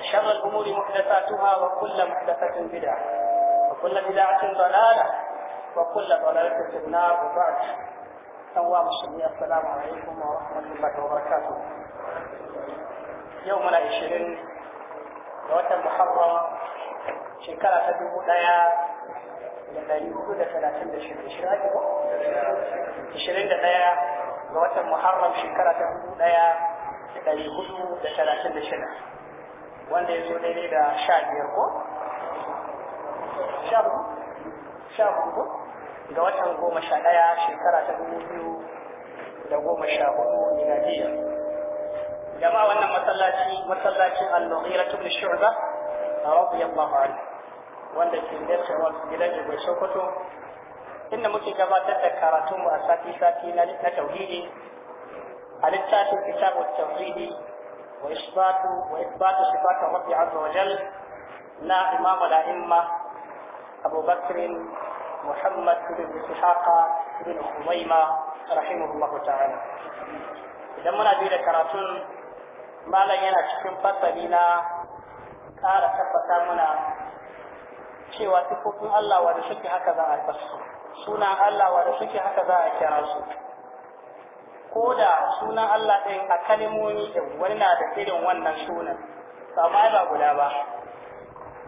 وشر الأمور محدثاتها وكل محدثة بدعة وكل بدعة ضلالة وكل ضلالة في النار وبعد سوام الشمية السلام عليكم ورحمة الله وبركاته يومنا يشرين وتر محرم شكرا تدوب دايا لدي ɗari ثلاثين دشرين talatin da shida المحرم شكرا ɗaya ga لدي muharram ثلاثين دشرين wanda ya zo daidai da sha biyar ko sha hudu ga watan goma sha ɗaya shekara ta dubu biyu da goma sha hudu miladiya jama'a wannan masallaci masallacin al-nughira ibn shu'ba radiyallahu anhu wanda ke nesa wa gidan jibai sokoto inda muke gabatar da karatunmu a sati-sati na tauhidi a littafin kitabu tauhidi وإثبات وإثبات صفات الرب عز وجل لا إمام الأئمة أبو بكر محمد بن إسحاق بن خزيمة رحمه الله تعالى idan muna biyu da karatun malam yana cikin fasali na ƙara tabbata muna cewa sifofin Allah wa da suke haka za a fasu suna Allah wa da suke haka za a kira su ko da sunan Allah ɗin a kalimomi da wani na da irin wannan sunan to amma ba guda ba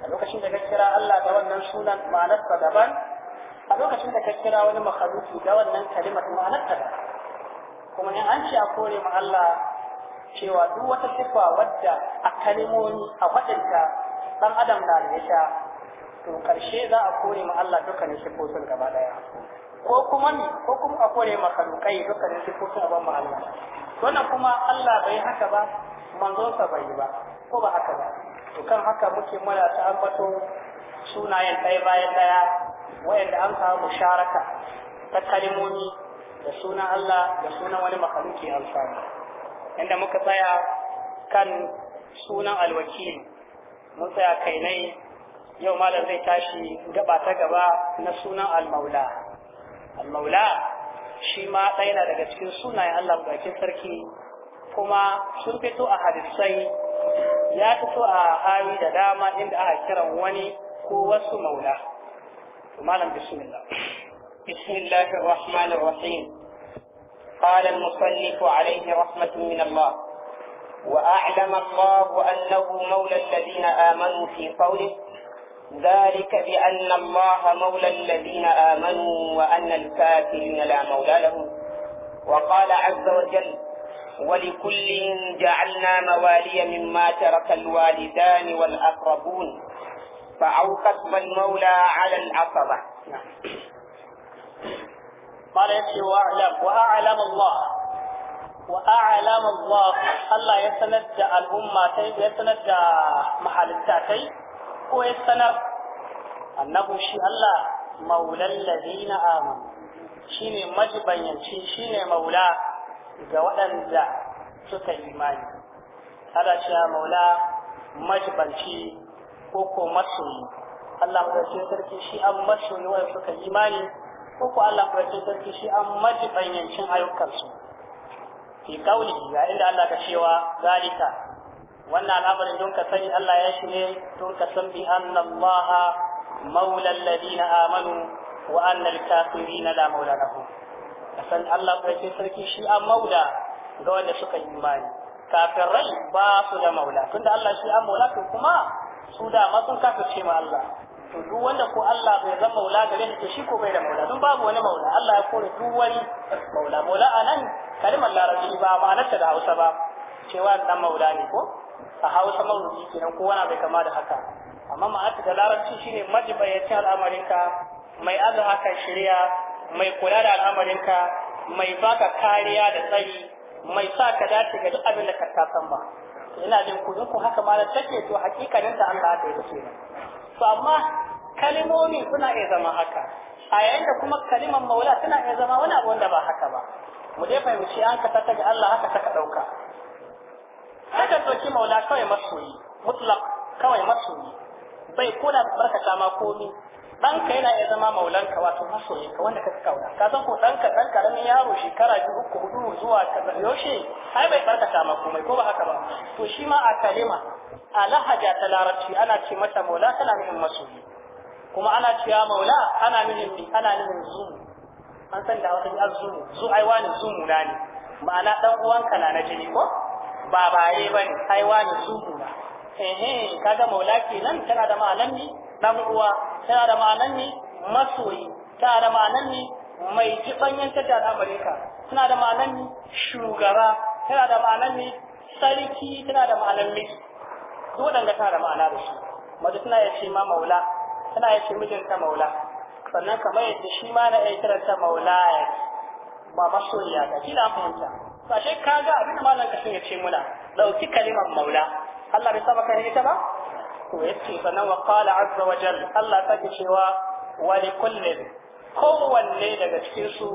a lokacin da ka kira Allah da wannan sunan ma'anarsa daban a lokacin da ka kira wani makhluki da wannan kalimar ma'anarsa daban kuma in an ce a kore ma Allah cewa duk wata sifa wadda a kalimomi a faɗinta ɗan adam na da ita to ƙarshe za a kore ma Allah dukkanin sifofin gaba ɗaya ko kuma ne ko kuma a kore makalukai dukkanin sifofin uban Allah wannan kuma Allah bai haka ba manzonsa bai yi ba ko ba haka ba to kan haka muke mura ta ambato sunayen ɗaya bayan ɗaya wayanda an samu musharaka ta kalmomi da sunan Allah da sunan wani makaluki alfani inda muka tsaya kan sunan alwakil mun tsaya kainai yau malam zai tashi gaba ta gaba na sunan almaula al-maula shi ma ɗaya na daga cikin sunayen Allah bakin sarki kuma sun fito a hadisai ya fito a hali da dama inda aka kiran wani ko wasu maula malam bismillah bismillahir rahmanir rahim قال المصنف عليه رحمة من الله وأعلم الله أنه مولى الذين آمنوا في قوله ذلك بأن الله مولى الذين آمنوا وأن الكافرين لا مولى لهم وقال عز وجل ولكل جعلنا موالي مما ترك الوالدان والأقربون فأو المولى على العصبة نعم. قال يكفي وأعلم وأعلم الله وأعلم الله الله يتنجى الأمة يتنجى محل التاتي farko ya sanar annabu shi Allah maulan ladina amanu shine majibanyanci shine maula ga waɗanda suka imani ana cewa maula majibanci ko ko masoyi Allah madaukakin sarki shi an masoyi wanda suka imani ko ko Allah madaukakin sarki shi an majibanyancin ayyukansu fi kauli ya inda Allah ka cewa zalika wannan al'amarin don ka sani Allah ya shi ne don ka san bi annallaha maulal ladina amanu wa annal kafirina la maula lahum ka san Allah barkin sarki shi an maula ga wanda suka yi imani kafirai ba su da maula tunda Allah shi an maula to kuma su da ma sun kafirce ma Allah to duk wanda ko Allah bai zama maula gare shi to shi ko bai da maula don babu wani maula Allah ya kore duk wani maula maula anan kalimar larabci ba ma'anarta da Hausa ba cewa dan maula ne ko a hausa marubuci kenan ko wani bai kama da haka amma ma'ana da larabci shine majibayacin al'amarinka mai azama kan shirya mai kula da al'amarinka mai baka kariya da tsari mai sa ka dace ga duk abin da ka san ba ina jin ku ku haka ma da take to hakikanin ta Allah da yake to amma kalimomi suna iya zama haka a yayin da kuma kalimar maula suna iya zama wani abu wanda ba haka ba mu dai fahimci an ka ta ga Allah haka ta ka dauka kakan ɗauki maula kawai masoyi mutlaq kawai masoyi bai kona ta ma komi ɗanka yana iya zama maulanka wato masoyinka wanda ka kauna ka san ko ɗanka ɗan karamin yaro shekara biyu uku hudu zuwa kaza yaushe ai bai ta ma komai ko ba haka ba to shi ma a kalima a lahaja ta larabci ana ce mata maula tana nufin masoyi kuma ana cewa maula ana nufin ni ana nufin zumu an san da wata ya zumu zu ai wani zumu na ne ma'ana ɗan uwanka na na jini ko ba baye ba ne ai wani suku na ehe kaga maula kenan tana da ma'anan ne dan uwa tana da ma'anan ne masoyi tana da ma'anan ne mai jibanyantar da al'amarin ka tana da ma'anan ne shugaba tana da ma'anan ne sarki tana da ma'anan miji duk waɗanda tana da ma'ana da shi mace tana ya ce ma maula tana ya ce mijinta maula sannan kamar yadda shi ma na ya kiranta ya ba masoyiya ta kila fahimta Sashe ka ga abin da malam kashin ya ce muna dauki kalimar maula Allah bai saba kai ita ba to yace sanan wa qala azza wa jalla Allah sake cewa wa li kullin kowanne daga cikin su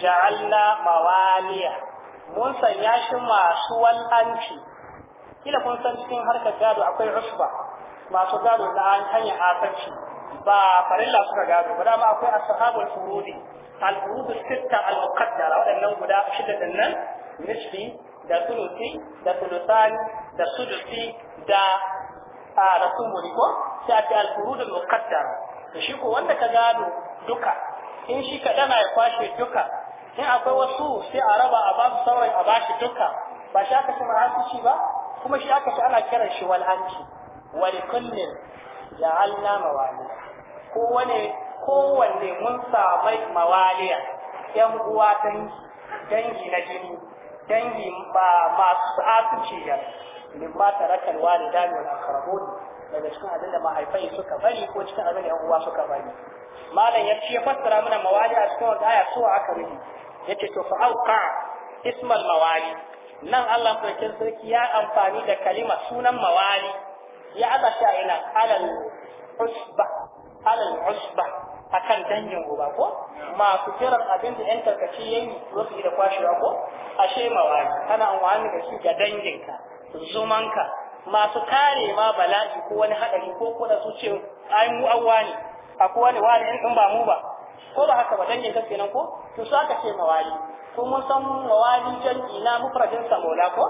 ja'alna mawaliya mun sanya shi masu wal'anci kila kun san cikin harkar gado akwai usba masu gado na an hanyar asarci ba farilla suka gado ba dama akwai ashabul furudi al furud sitta al muqaddara wadannan guda shida dinnan nisfi da sulusi da sulusani da sudusi da a ko sai a ce al-furudul shi ko wanda ka gano duka in shi ka dana ya kwashe duka in akwai wasu sai a raba a basu sauran a bashi duka ba shi aka ce marhanci ba kuma shi aka ce ana kiran shi walhanci wa likullin ja'alna mawali ko wane kowanne mun samai mawaliya yan uwa dangi dangi na jini dangi ba masu asirci ya min ma tarakal walidani wal ne daga cikin abin da mahaifai suka bari ko cikin abin da yan uwa suka bari malam ya ce fassara mana mawali a cikin wata aya so aka rubi yace to fa auqa ismal mawali nan Allah sarkin sarki ya amfani da kalima sunan mawali ya aza a ina alal usba alal usba akan dangin uba ko masu kiran abin da yan ya yi wasu da kwashewa ko ashe mawani kana wani da shi ga danginka zumanka masu kare ma bala'i ko wani haɗari ko kuda su ce ai mu awwa ne akwai wani wani in ba mu ba ko ba haka ba dangin ka kenan ko to su aka ce mawali ko mun san mawali jan'i na mufradin sa maula ko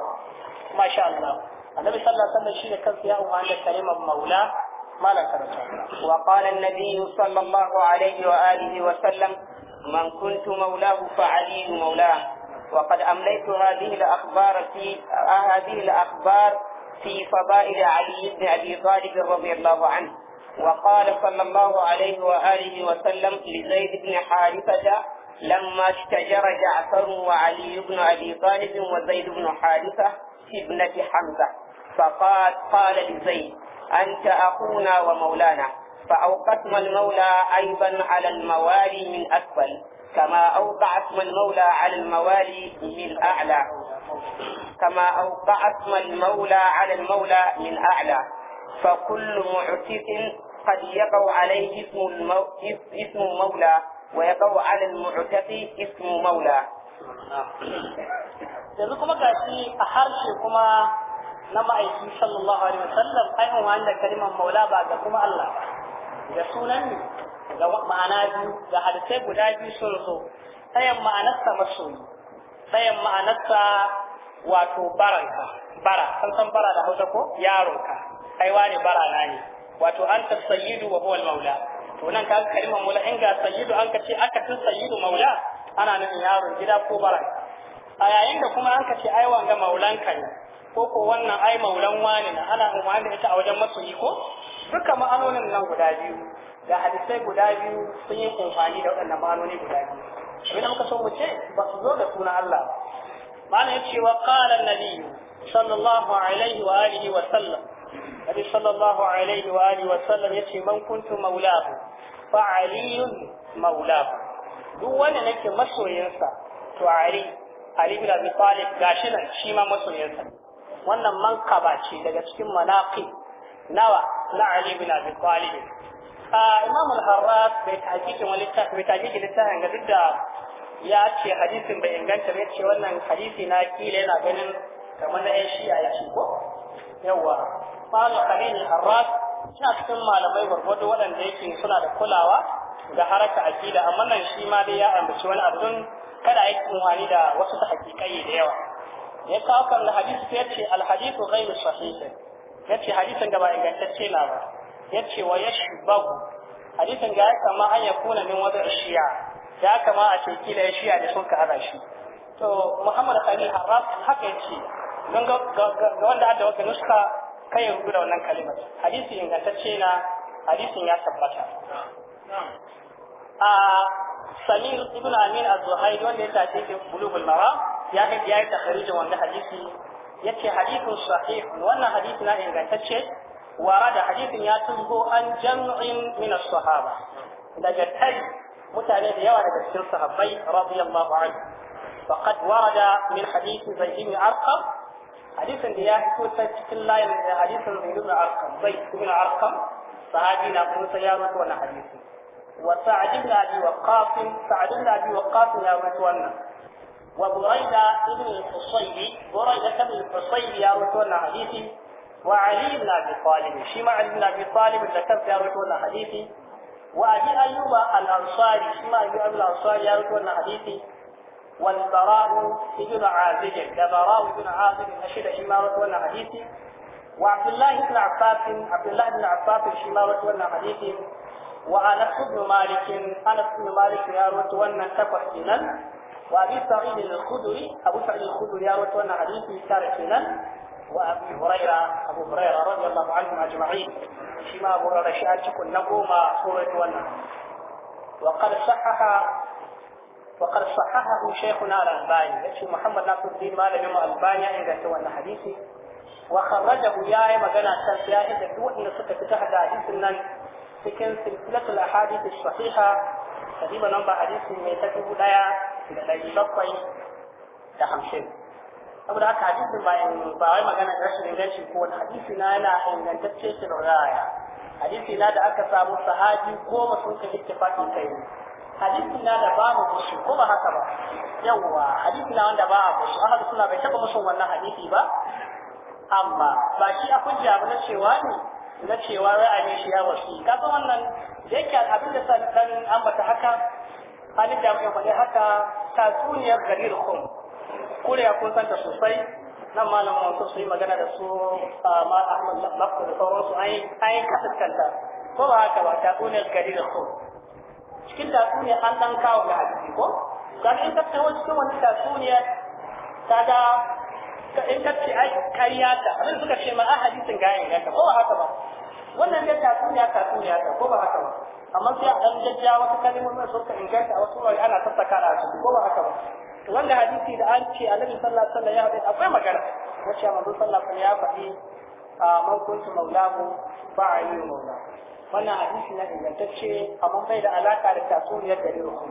masha Allah annabi sallallahu alaihi wasallam shi da kansa ya umma da kalimar maula وقال النبي صلى الله عليه وآله وسلم من كنت مولاه فعلي مولاه وقد أمليت هذه الأخبار في هذه الأخبار في فضائل علي بن أبي طالب رضي الله عنه وقال صلى الله عليه وآله وسلم لزيد بن حارثة لما اشتجر جعفر وعلي بن أبي طالب وزيد بن حارثة في ابنة حمزة فقال قال لزيد أنت أخونا ومولانا فأوقتنا المولى أيضا على الموالي من أسفل كما أوقع اسم المولى على الموالي من أعلى كما أوقع اسم المولى على المولى من أعلى فكل معتق قد يقع عليه اسم المو... اسم مولى ويقع على المعتق اسم مولى آه. na ma'aiki sallallahu alaihi wasallam ai mu wanda kalimar maula ba ga kuma Allah ba da sunan ne ga ma'ana biyu ga hadisai guda biyu sun zo sayan ma'anarsa masoyi sayan ma'anarsa wato baranka bara san san bara da hausa ko yaronka ai wani bara na ne wato anta sayyidu wa huwa maula to nan ka kalimar maula in ga sayyidu an ka ce aka tun sayyidu maula ana nufin yaron gida ko bara a yayin da kuma an ka ce ai wanga maulanka ne ko ko wannan ai maulan wani na ana umarni da ita a wajen masoyi ko duka ma'anonin nan guda biyu da hadisai guda biyu sun yi kumfani da waɗannan ma'anoni guda biyu abin da muka so mu ce ba su zo da suna Allah ba ma'ana ya ce wa qala nabi sallallahu alaihi wa alihi wa sallam nabi sallallahu alaihi wa alihi wa sallam ya ce man kuntu maulahu fa aliyun maulahu duk wanda nake masoyinsa to ali ali bin abi talib gashi nan shi ma masoyinsa wannan mankaba ce daga cikin manaqib nawa na Ali bin Abi Talib Imam al-Harras bai tahqiqin wani bai tahqiqin littafin ga duk da ya ce hadisin bai inganta bai ce wannan hadisi na kila yana ganin kamar na ƴan shi'a ya ko yawa Malam Khalil al-Harras suna cikin malamai gwargwado waɗanda yake suna da kulawa ga haraka akida amma nan shi ma dai ya ambaci wani abun kada a yi da wasu ta hakikai da yawa ya kawo kan hadisi ya ce alhadisu ghairu sahih yace hadisin da ba ingantacce na ba ce wa yashbagu hadisin ga ya kama an kuna min wada shiya ya kama a ce kila ya shiya da sun ka hada shi to muhammad khalil harraf haka yace don ga wanda adda wata nuska kai ya rubuta wannan kalimar hadisi ingantacce na hadisin ya tabbata a samin ibn amin az-zuhairi wanda ya tafi bulugul mara ya kai ya yi takharijin wanda hadisi yace hadithun sahih wannan hadisi na ingantacce warada hadisin ya tumbo an jam'in min as-sahaba daga tai mutane da yawa daga cikin sahabbai radiyallahu anhu faqad warada min hadisi zaid bin arqam hadisin da ya fito cikin layin hadisin zaid bin arqam zaid bin arqam sahabi na kuma sai ya rubuta wannan hadisi wa sa'id bin abi waqqas sa'id bin abi waqqas ya rubuta wannan وبريدة بن الحصيبي بريدة بن القصيبي يروي حديثي وعلي بن أبي طالب شيما علي بن أبي طالب ذكرت يروي حديثي وأبي أيوب الأنصاري شيما أبي أيوب الأنصاري يروي حديثي والبراء بن عازج كبراء بن عازج نشد شيما يروي حديثي وعبد الله بن عباس عبد الله بن عباس شيما يروي حديثي وأنس بن مالك أنس بن مالك يروي تكفر وأبي سعيد الخدري أبو سعيد الخدري يروي أن حديث مشترك لنا وأبي هريرة أبو هريرة رضي الله عنهم أجمعين شما أبو هريرة شأتك النقوم سورة ونا وقد صحح وقد صححه شيخنا الألباني يشي محمد ناصر الدين لم يمر ألبانيا عند سوى حديثي وخرجه يا إما جنا يا إذا دوء إلى ستة تحت حديثنا سكن سلسلة الأحاديث الصحيحة تقريبا نمبر حديث ميتة da ɗari bakwai da hamsin saboda haka hadisin ba ba wai magana rashin inganci ko wani hadisi na yana ingantacce shi raya hadisi na da aka samu sahabi goma sun ka ittifaqi kai hadisi na da ba mu bushe ko ba haka ba yawwa hadisi na wanda ba a musu ahadu suna bai taɓa musu wannan hadisi ba amma ba shi a hujja ba na cewa ne na cewa ra'ayin shi ya wasu kaga wannan da yake abin da san ambata haka halin da muka faɗi haka tatsuniyar garir kun ya kun santa sosai nan malam masu su yi magana da su ma ahmad lafafu da sauransu an yi kasaskanta ko ba haka ba tatsuniyar garir kun cikin tatsuniyar an ɗan kawo ga hadisi ko kan in kafin wani cikin wani tatsuniyar ta ga in kafin ai kariya ta abin suka ce ma a ah, hadisin gayan gata ko ba haka ba wannan dai tatsuniya tatsuniya ta ko ba haka ba amma sai a ɗan jajja wasu kalmomin sun ka inganta a wasu wurare ana sassaka da su ko ba haka ba wanda hadisi da an ce annabi sallallahu alaihi wasallam ya faɗi akwai magana wacce manzo sallallahu alaihi wasallam ya faɗi a man kuntu maulahu fa ayi maula. wannan hadisi na ingantacce amma bai da alaka da tasuriyar da ruhu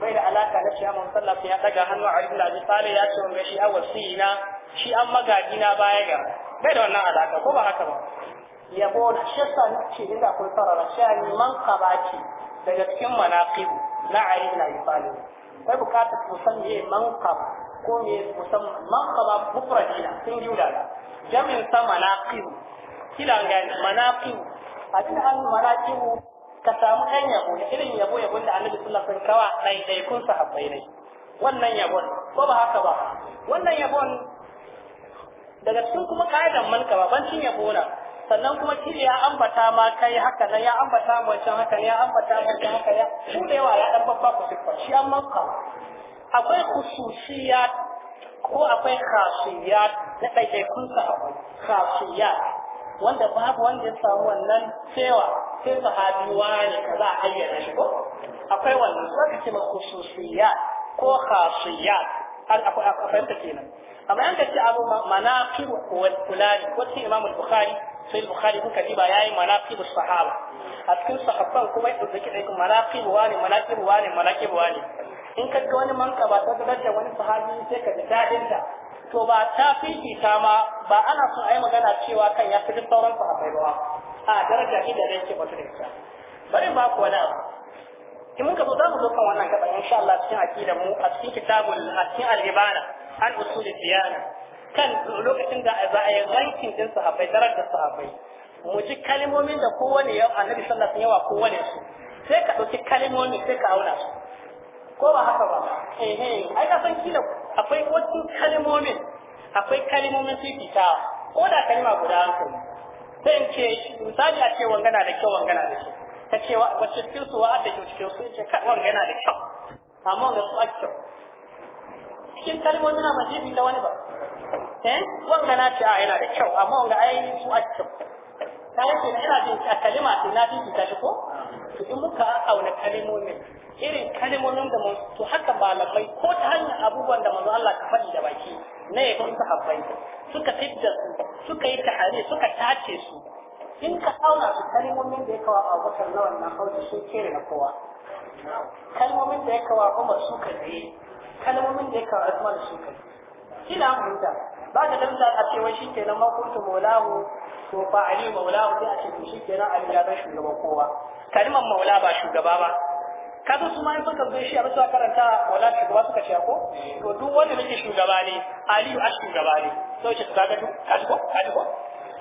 bai da alaka da shi amma sallallahu alaihi wasallam ya ɗaga hannu a ibn abi salih ya ce mun ga shi awasina shi an magadi na baya ga bai da wannan alaka ko ba haka ba yabo na shi yasa nake inda akwai sarara shani man kabaki daga cikin manaqib na Ali na Ibali sai bukata ku san me kab ko me man kab mufradi na sun jula da jamin sa manaqib kila ga manaqib abin an manaqib ka samu ɗan yabo da irin yabo yabo da Annabi sallallahu alaihi wasallam kawa ɗaiɗaikun sahabbai ne wannan yabon ko ba haka ba wannan yabon daga cikin kuma ka'idan manqaba bancin yabo na sannan kuma kiri ya ambata ma kai haka nan ya ambata ma wancan haka ya ambata ma wancan haka ya shudewa ya dan babba ku sifa shi an maka akwai khususiyat ko akwai khasiyat na ɗaiɗaikun sahabu khasiyat wanda babu wanda ya samu wannan cewa sai sahabi wani ka za a ayyana shi ko akwai wannan su aka ce ma khususiyat ko khasiyat akwai ta kenan amma yanka ce abu manaqibu wa fulani wacce imamul bukhari sai bukhari kuka ji ba yayi manaqibu sahaba a cikin sahabban kuma ya dauki aikin manaqibu wani manaqibu wani manaqibu wani in ka ga wani manka ba ta da wani sahabi sai ka ji dadin ta to ba ta fifita ma ba ana son ayi magana cewa kan ya fi duk sauran sahabbai ba a daraja idan ne ba batu da ita bari ba ku wani abu in muka zo za mu zo kan wannan gaba insha Allah cikin aqidar mu a cikin kitabul a al-ibana an usul diyana kan lokacin da za a yi rankin din sahabbai darar da sahabbai mu ji kalmomin da kowane yau annabi sallallahu alaihi wasallam kowane su sai ka dauki kalmomi sai ka auna su ko ba haka ba eh eh ai ka san kila akwai wasu kalmomin akwai kalmomin fifita ko da kalma guda an kai sai in ce misali a ce wangana da kyau wangana da kyau ka ce wacce cikin su wa'ad da kyau cikin su ce kan wangana da kyau amma wanga su a kyau cikin kalmomin na ba da wani ba eh wanga na ce a ah, yana da kyau amma wanga ai su a cikin ta yake ina jin a kalima ce na bibi ta shi ko Su in muka auna kalimomin irin kalimomin da mun to haka malamai ko ta hanyar abubuwan da manzo Allah ta faɗi da baki na yabon sahabbai suka fidda su suka yi tahari suka tace su in ka auna su kalmomin da ya kawo a abubakar na wannan hausa sun kere na kowa kalmomin da ya kawo umar su ka kalmomin da ya kawo usman su ka kila fahimta ba ka damta a ce wai shikenan ma kuntu maulahu to fa ali maulahu sai a ce shikenan ali ya zama shugaba kowa kalmar maula ba shugaba ba ka zo su ma in suka zo shi a suka karanta maula shugaba suka ce ko to duk wanda nake shugaba ne aliyu a shugaba ne sai ce ka ga duk ka ji ko ka ji ko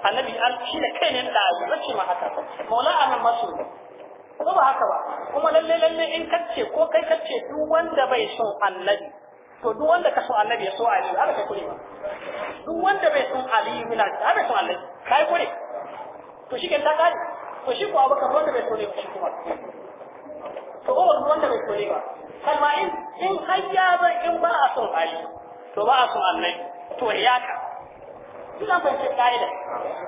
annabi an shi da kai ne da ba ce ma haka maula a nan masu ko ba haka ba kuma lalle lalle in kace ko kai kace duk wanda bai son annabi to duk wanda ka so annabi ya so aliyu haka kai kure ba duk wanda bai ali aliyu bin abi haka son annabi kai kure to shi kan ta kare to shi ko abubakar wanda bai so ne shi kuma to ko wanda bai so ne ba kalma in in hayya ba in ba a son ali to ba a son annabi to ya ka ina fahimci ka'ida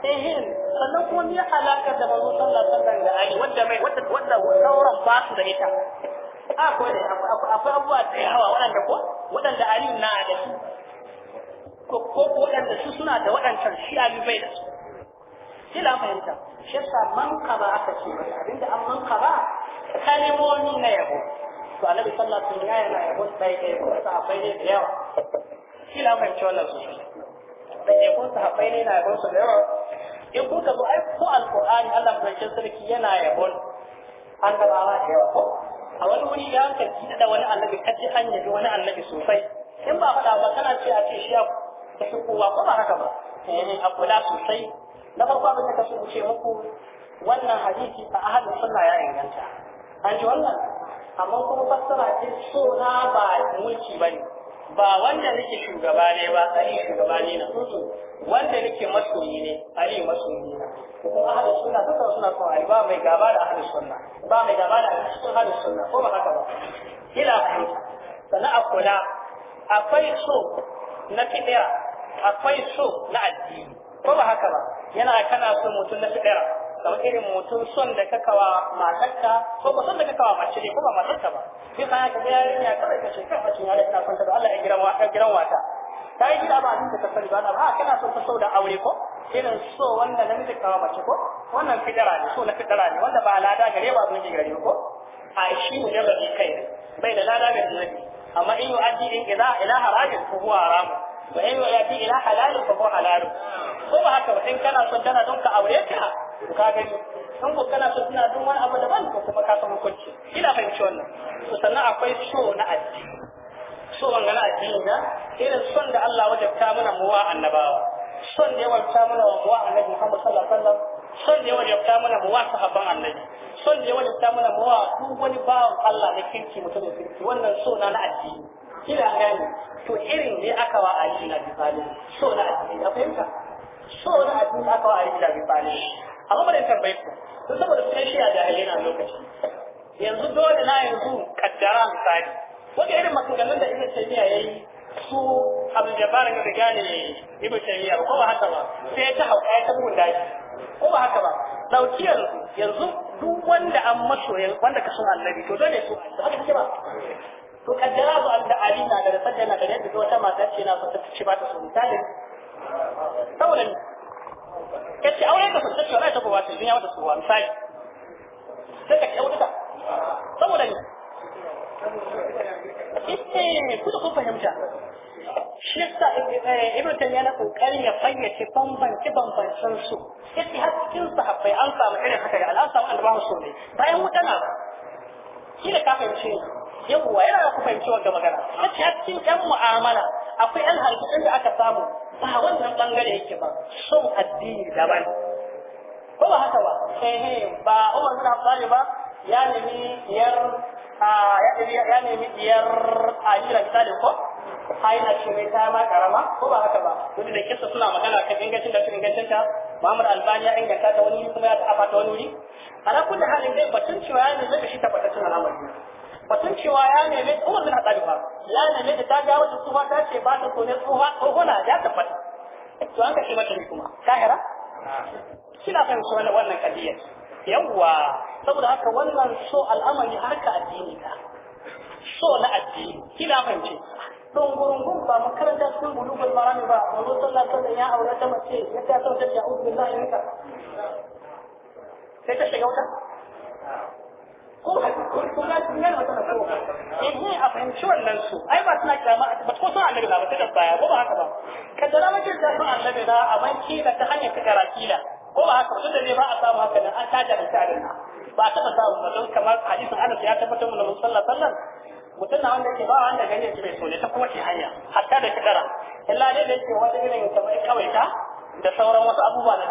eh hin sannan kuma me alaka da manzo sallallahu alaihi wasallam da ali wanda mai wanda wanda sauran ba su da ita akwai abubuwa da yawa waɗanda ko waɗanda aliyu na da su ko ko waɗanda su suna da waɗancan shi aliyu bai da su kila fahimta shi yasa ba aka ce ba abinda an ba? kalimomi na yabo to annabi sallallahu alaihi wasallam yana yabo sai kai ko sahabbai ne da yawa kila fahimci wannan su da ke ko sahabbai ne na yabo su da yawa in kuka zo ai ko alqur'ani Allah madaukakin sarki yana yabon an gaba da yawa ko a wani wuri ya kaji da wani annabi kaji an yabi wani annabi sosai in ba faɗa ba kana ce a ce shi ya kusa kowa ko ba haka ba eh, a kula sosai na farko abin da so ce muku wannan hadisi a ahadin sunna ya inganta an ji wannan amma kuma fassara ce so na ba mulki ba ne ba wanda nake shugaba ne ba ali shugaba ne na wanda nake masoyi ne ali masoyi na kuma ahli sunna saka suna son ali ba mai gaba da ahli sunna ba mai gaba da ahli sunna ko ba haka ba Ila fahimta sannan a kula akwai so na fidira akwai so na addini ko ba haka ba yana kana so mutum na fidira kamar irin mutum son da ka kawa matarka ko ba son da ka kawa mace ne ko ba matarka ba sai ka ga yarinya kada ka ce kan mace ya da ina son Allah ya giran wata giran wata ta yi gida ba abin da ta sani ba ba kana son ta sau da aure ko irin so wanda namiji kawa mace ko wannan fitara ne so na fitara ne wanda ba lada gare ba zuwa gare ko a shi mu jalla ne kai bai da lada gare ne amma in yu'addi in ila ilaha harajin ko huwa haramun ba in yu'addi ila halalin ko huwa halalun ko ba haka ba in kana son tana don ka aure ta ka gani in ko kana so suna duk wani abu daban ko kuma ka san hukunci ina fahimci wannan to sannan akwai so na addini so wanga na addini na irin son da Allah wajabta mana mu annabawa son da yawan wajabta mana mu wa annabi Muhammad sallallahu alaihi wasallam son da yawan wajabta mana mu wa sahabban annabi son da yawan wajabta mana mu duk wani bawan Allah na kirki mutumin kirki wannan so na addini ina gani to irin ne aka wa Ali na bifali so na addini ka fahimta so na addini aka wa Ali na bifali A bari tambaye ku sun saboda sun shi a jahilai na lokaci yanzu dole na yanzu kaddara misali wata irin maganganun da ibn taymiya yayi su abin jabbar ga gane ibn taymiya ko ba haka ba sai ta hauka ta gunda daji. ko ba haka ba dauki yanzu yanzu duk wanda an masoyan wanda ka son annabi to dole su haka kake ba to kaddara ba da ali na da sanya na da yadda wata mata ce na so ta ci ba ta so misali saboda kace aure ka fita cewa ta kowa sai ya wata kowa misali sai ka aure ta saboda ni eh ku ku fahimta shi yasa eh, ibnu taymiya na kokarin ya fayyace bambance bambancen su yace har cikin sahabbai an samu irin haka da an samu annabawa su ne bayan mutana shi da ka fahimce yawwa yana ku fahimci wannan magana yace har cikin yan mu'amala akwai an harkokin da aka samu ba wannan bangare yake ba son addini daban ko ba haka ba eh ba Umar bin Abdul ba ya nemi yar ya nemi ajira ta da ko ai a shi mai ta ma karama ko ba haka ba duk da kissa suna magana kan ingancin da cikin ingancin ta Muhammad Albani ya inganta ta wani kuma ya ta wani wuri ala kullu halin dai batun cewa ne zai shi tabbataccen al'amari batun cewa ya neme umar bin haɗari ba ya neme da ta ga wata tsufa ta ce ba ta kone tsufa tsohona ya tabbata to an kashe mata ne kuma kahira kina fahimci wannan wannan kadiyar yawwa saboda haka wannan so al'amari harka addini ka so na addini kina fahimci don gurungun ba makaranta sun cikin bulugul marami ba manzo sallallahu alaihi wasallam ya aure ta mace ya ta sauke ta a'udhu billahi minka sai ta shiga wuta ko ko na duniya na wata tsaro eh a fahimci wannan su ai ba suna kiyama ba ko sun annabi ba ta baya ko ba haka ba kaddara mace ta sun annabi na a banki da ta hanyar fikara kila ko ba haka tunda ne ba a samu haka nan an taja da tsarin na ba ta samu ba don kamar hadisin Anas ya tabbatar mu da sallallahu sallan mutum na wanda yake ba wanda gani yake bai so ne ta kowace hanya hatta da kidara illa dai da yake wata irin kamar kawai ta da sauran wasu abubuwa na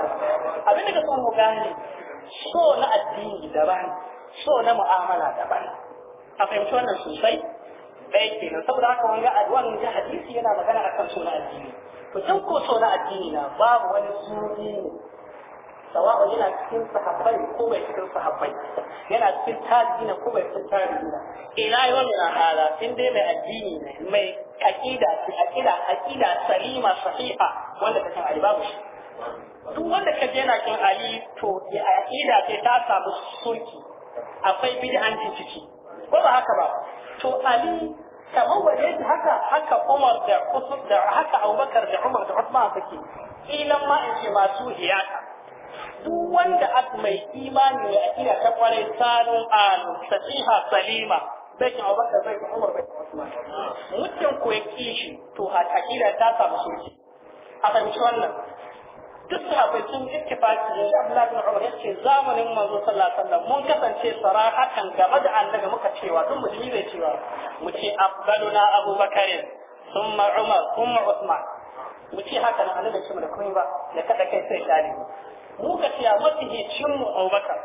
abin da ka so gane so na addini daban so na mu'amala daban a fahimci wannan sosai ɗaya nan saboda haka wanga addu'an ji hadisi yana magana a kan suna addini to tun ko so na addini na babu wani suni ne Sawa'u yana cikin sahabbai ko bai cikin sahabbai yana cikin tabi'ina ko bai cikin tabi'ina ila yawmin hala tun dai mai addini ne mai aqida Aƙida aqida salima sahiha wanda take alibabu shi duk wanda kaje yana kin ali to ya aqida ce ta samu sulki akwai bid'ancin ciki ko ba haka ba to ali kamar wanda yake haka haka Umar da Usman da haka Abubakar da Umar da Uthman suke ilan ma in ce masu hiyaka duk wanda ak mai imani ya akida ta kwarai salon alu sahiha salima bai kin Abubakar bai kin Umar bai kin Uthman mutum ko ya kishi to hakida ta samu soki a fahimci wannan duk sahabbai sun ittifaki da shi Abdullah bin Umar yace zamanin manzo sallallahu alaihi wasallam mun kasance sarahatan game da annabi muka cewa duk musulmi bai cewa mu ce afdaluna Abu Bakar thumma Umar thumma Uthman mu ce haka nan annabi ce mu da komai ba da kada kai sai shali mu ka ce mafi hicin mu Abu Bakar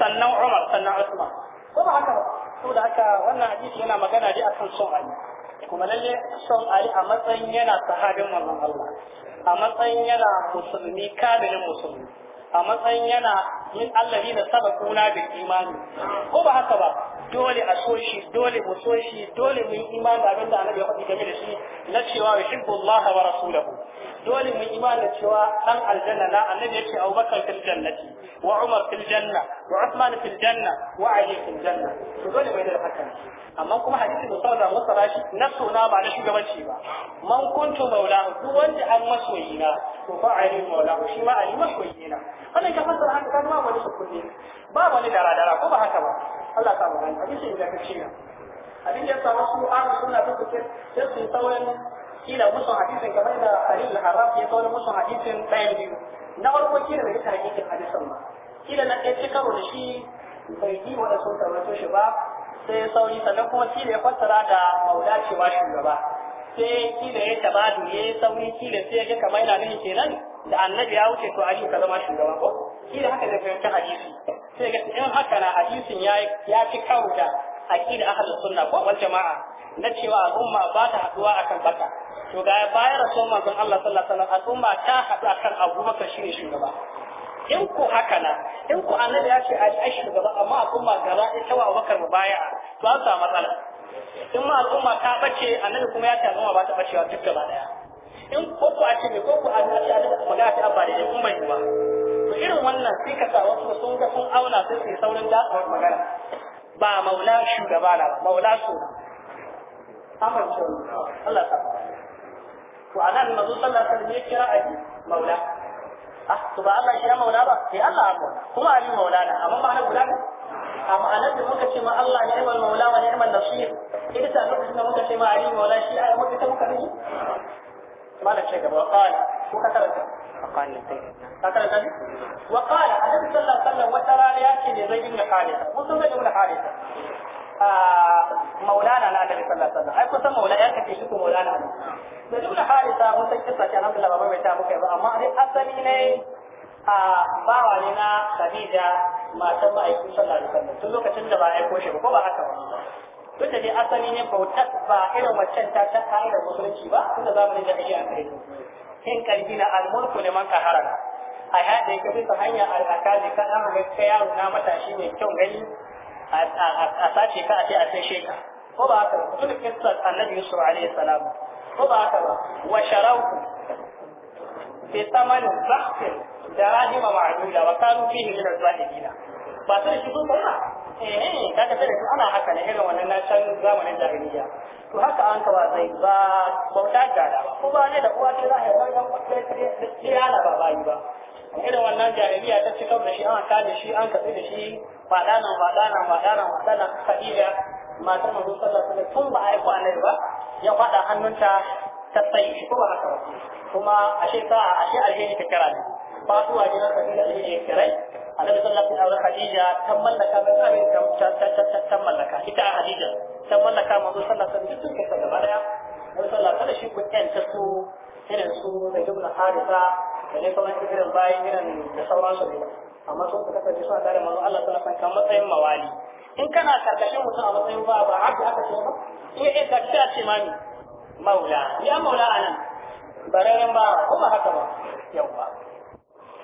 sannan Umar sannan Uthman ko ba haka ba saboda haka wannan hadisi yana magana dai akan son Allah kuma lalle son Ali a matsayin yana sahabin manzon Allah a matsayin yana musulmi kamilin musulmi a matsayin yana min allahi da kuna da imani ko ba haka ba dole a so shi dole mu so shi dole mu yi imani da abin da Annabi ya faɗi game da shi na cewa yuhibbu Allah wa rasulahu dole mu Imana cewa dan aljanna na annabi yace Abubakar fil jannati wa Umar fil janna wa Uthman fil janna wa Ali fil janna to dole mu yarda hakan amma kuma hadisi da sauran musara shi na suna ba na shugabanci ba man kuntu maula duk wanda an masoyi na to fa Ali maula shi ma Ali masoyi na wannan ka fasara haka kan ma wani shukunni ba wani dara dara ko ba haka ba Allah ta mu gani hadisi da kace abin da ya samu su an suna duk sai su sauran kila musu hadisin kamar da Khalil al-Harraf ya kawo musu hadisin ɗayan biyu na farko kila bai ta hadisin hadisin ba kila na ɗaya ci karo da shi bai yi wanda sun karbato shi ba sai sauri sannan kuma kila ya fassara da maula cewa shugaba sai kila ya tabadu ya yi sauri kila sai ya kamar yana nufi kenan da annabi ya wuce to ali ka zama shugaba ko kila haka da fahimci hadisi sai ga in haka na hadisin ya ci karo da aqida ahlus sunna ko wal jamaa na cewa al'umma ba ta haduwa akan baka to ga bayan rasul manzon Allah sallallahu alaihi wasallam al'umma ta hadu akan Abubakar shine shugaba in ku haka na in ku annabi ya ce ai shugaba amma al'umma gaba ita wa Abubakar baya to an samu matsala in ma al'umma ta bace annabi kuma ya ce al'umma ba ta bacewa duk gaba daya in ko ku a ce ko ku a ce annabi magana ta ba da in bai ba to irin wannan sai ka sa wasu sun ga sun auna sai su yi saurin da magana ba maula shugaba na ba maula suna amince Allah ta to anan mazo sallallahu alaihi wasallam ya kira ali maula ah to ba Allah shi maula ba sai eh, Allah amma kuma ali maula na amma ba na guda ne amma anan da muka ce ma Allah ya ni'mal maula wa ni'mal nasir idan eh, ta lokacin da muka ce ma ali maula shi ai muka ta muka ne malam ce gaba qala وقال النبي صلى الله عليه وسلم وترى لياتي لزيد بن حارثه مسلم بن حارثه maulana na annabi sallallahu alaihi wasallam ai kusan maulana ya kace shi ne da duk halisa mun san kissa ce alhamdulillah ba bai ta muka ba amma dai asali ne a bawa ne na Khadija matan ma'aikin sallallahu alaihi wasallam tun lokacin da ba aiko shi ko ba ba duk da dai asali ne bautar ba irin waccan ta ta musulunci ba tun da zamanin da ake an kai in ƙarfi na almulku ka harana. a hada yake bisa hanya alakali ka an ga kai yaro na matashi mai kyau gani a sace ka a ce a sai sheka ko ba haka ba tun kissa annabi yusuf alayhi salam ko ba haka ba wa sharauku bi tamanin bahtin da rahima ma'dula wa kanu fihi min az-zahidina ba sai shi sun ba eh kaga sai da ana haka ne irin wannan na can zamanin jahiliya to haka an ka ba sai ba bauta gara ba ko ba ne da uwa ce za a yi wannan kwatsai da ba bayi ba irin wannan jahiliya ta cikar da shi an ka da shi an katsi da shi fada nan fada nan fada nan fada nan fadila matan manzo sallallahu alaihi tun ba ai kwanai ba ya fada hannunta ta shi ko ba haka ba. kuma ashe sa'a ashe alheri ta kira ne fatuwa gidan fadila ne ya kirai annabi sallallahu alaihi wasallam Khadija ta mallaka ta kare ta ta ta mallaka ita a Khadija ta mallaka manzo sallallahu alaihi wasallam duk ta gaba daya manzo sallallahu alaihi shi ku kan ta su irin su da ibn Harisa da ne kuma irin bayan irin da sauransu ne amma sun ka kasance suna tare manzo Allah sallallahu alaihi wasallam matsayin mawali in kana karkashin mutum a matsayin ba ba haka aka ce ba eh eh ka ta ce mami maula ya maula anan bararen ba ko ba haka ba yawa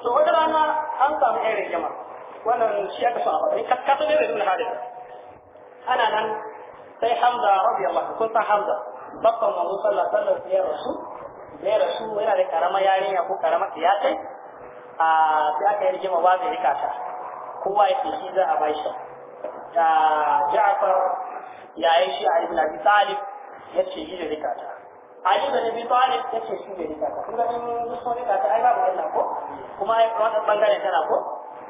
to wata rana an samu ɗan rigima wannan shi aka son abu ka ka san ne da hadin ana nan sai hamza radiyallahu kun san hamza bakkan manzo sallallahu alaihi wasallam ya rasu ya rasu yana da karama yarinya ko karama tiyatai a sai aka yi rigima ba zai rika ta kowa ya shi za a bashi da Ja'far yayin shi a Ibn Abi Talib ya ce yi da rika ta Ali bin Abi Talib yace shi ne rika kun ga in duk sun rika ta ai babu Allah ko kuma ai wannan bangare tana ko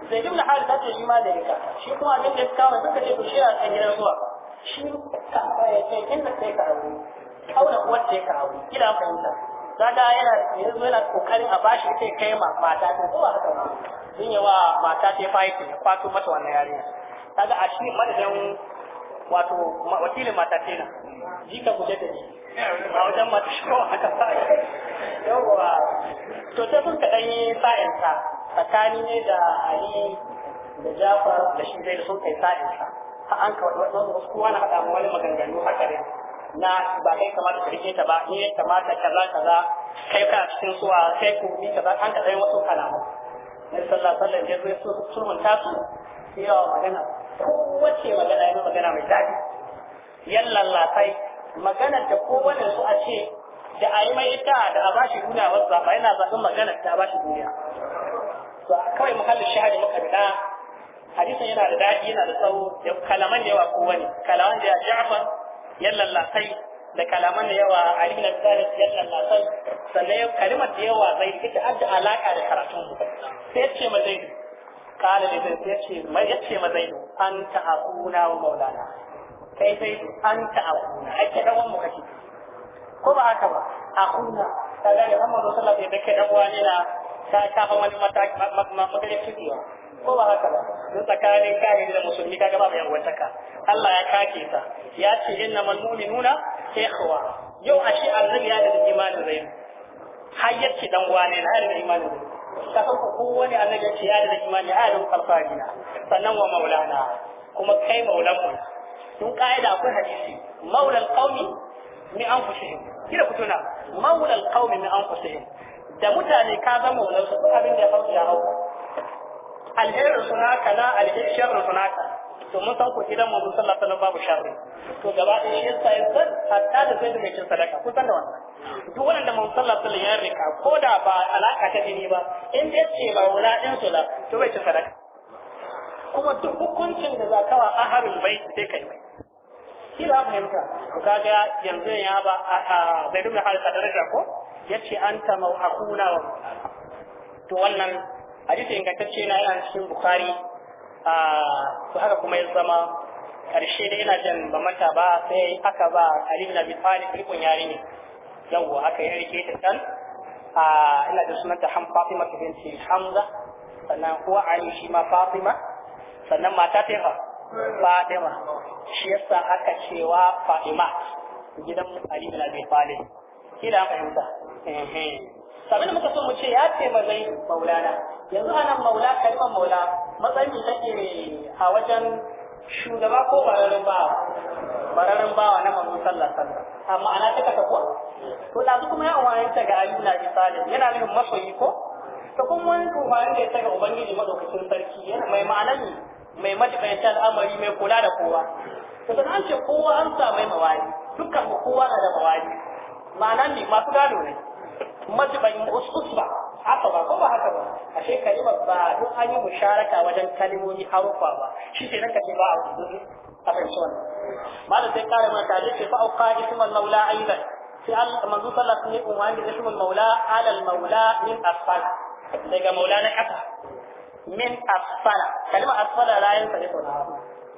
sai ibn Harith yace shi ma da rika shi kuma abin da suka suka ce to shi a gidan zuwa shi ka ya eh, ce eh, inda sai ka abu kauna kuwa sai ka abu kila fahimta kaga yana yanzu yana kokarin a bashi sai kai ma mata ta zuwa haka sun yi wa mata ta fayi ta kwato mata wannan yarinya kaga a shi madadin wato wakilin mata kenan jika guje da ni a wajen mata shawa haka sai yawwa to sai sun kaɗan yi sa'insa tsakani ne da ali da jafar da shi zai da sun kai sa'insa ha an kawai wasu wasu kowa na haɗa wani maganganu a kare na ba kai kamata ka rike ta ba ni ya kamata kaza kaza kai ka cikin suwa sai ku bi kaza an kaɗan wasu kalamu. ne sallallahu alaihi ya zo ya sulmunta su sai yawa magana kowace magana yi magana mai daɗi yallan latai maganar da kowane su a ce da a yi mai ta da a bashi duniya wasu zaɓa yana zaɓin magana da a bashi duniya to kawai muhallin shahadi muka bida hadisin yana da daɗi yana da tsawo da kalaman da yawa kowane kalaman da ya ja'far yallan latai da kalaman da yawa a rikin al-tsarin yallan latai sannan kalimar da yawa zai ita da alaƙa da karatun sai ce ma قال لزيد يتي ما يتي ما زيد أنت أخونا ومولانا kai sai an ta akuna ai kai dan mu kake ko ba haka ba akuna kaga ne Muhammadu sallallahu da kai dan na ta kafa ko ba haka ba don tsakanin kahiri da musulmi kaga babu yanwantaka Allah ya kake ta ya ce innamal mu'minuna ikhwa yau ashe annabi ya da imanin zai har yace dan wani na har da imanin zai ta uku kowane annabi ce ya da imani adam alfarina sannan wa maulana kuma kai maulan mu tun kaida akwai hadisi maulal qaumi mi anfusihim kila ku tuna maulal qaumi mi anfusihim da mutane ka zama maulan su abin da ya hauka ya hauka alherin sunaka na alherin sunaka to mun san ko idan mu sallallahu alaihi babu sharri to gaba da shi sai sai hatta da zai mai cin sadaka ku san da wannan duk wanda manzo sallallahu ya rika ko da ba alaka ta dini ba in dai ce ba wala din su la to bai cin sadaka kuma duk hukuncin da zakawa aharul bait sai kai mai shi ba fahimta Ku kaga yanzu ya ba a bai dubi halka daraja ko yace anta mauhakuna to wannan hadisi ingantacce na yana cikin bukhari haka kuma ya zama karshe da ina jan ba mata ba sai aka ba Ali bin Abi Talib ikon yari ne Yau, aka yi rike ta san a ina da sunanta Ham Fatima binti Hamza sannan kuwa Ali shi ma Fatima sannan mata ta fa Fatima shi yasa aka cewa Fatima gidan Ali bin Abi Talib kila fahimta eh eh sabin muka so mu ce ya ce mazai maulana yanzu anan maula kalimar maula matsayin take a wajen shugaba ko bararren bawa bararren bawa na manzo sallah-sallah. amma ana take ta kuwa to da su kuma ya umarni ta ga Ali ibn Abi yana nufin masoyi ko to kuma wani tufani da ya ga ubangiji madaukakin sarki yana mai ma'anar mai matafiya al'amari mai kula da kowa to sai an ce kowa an sa mai mawali dukkan kowa na da mawali ma'ana ne masu gado ne majibayin usba haka ba ko ba haka ba ashe kalimar ba duk an yi musharaka wajen kalimomi harufa ba shi ke nan ka ce ba a kudu a fahimci wannan malam sai kare mana ta ce fa auka isman maula aidan sai Allah manzo sallallahu alaihi yi sallam ya isman maula alal maula min asfala Sai ga maula na kasa min asfala kalimar asfala la yin sa ne ko na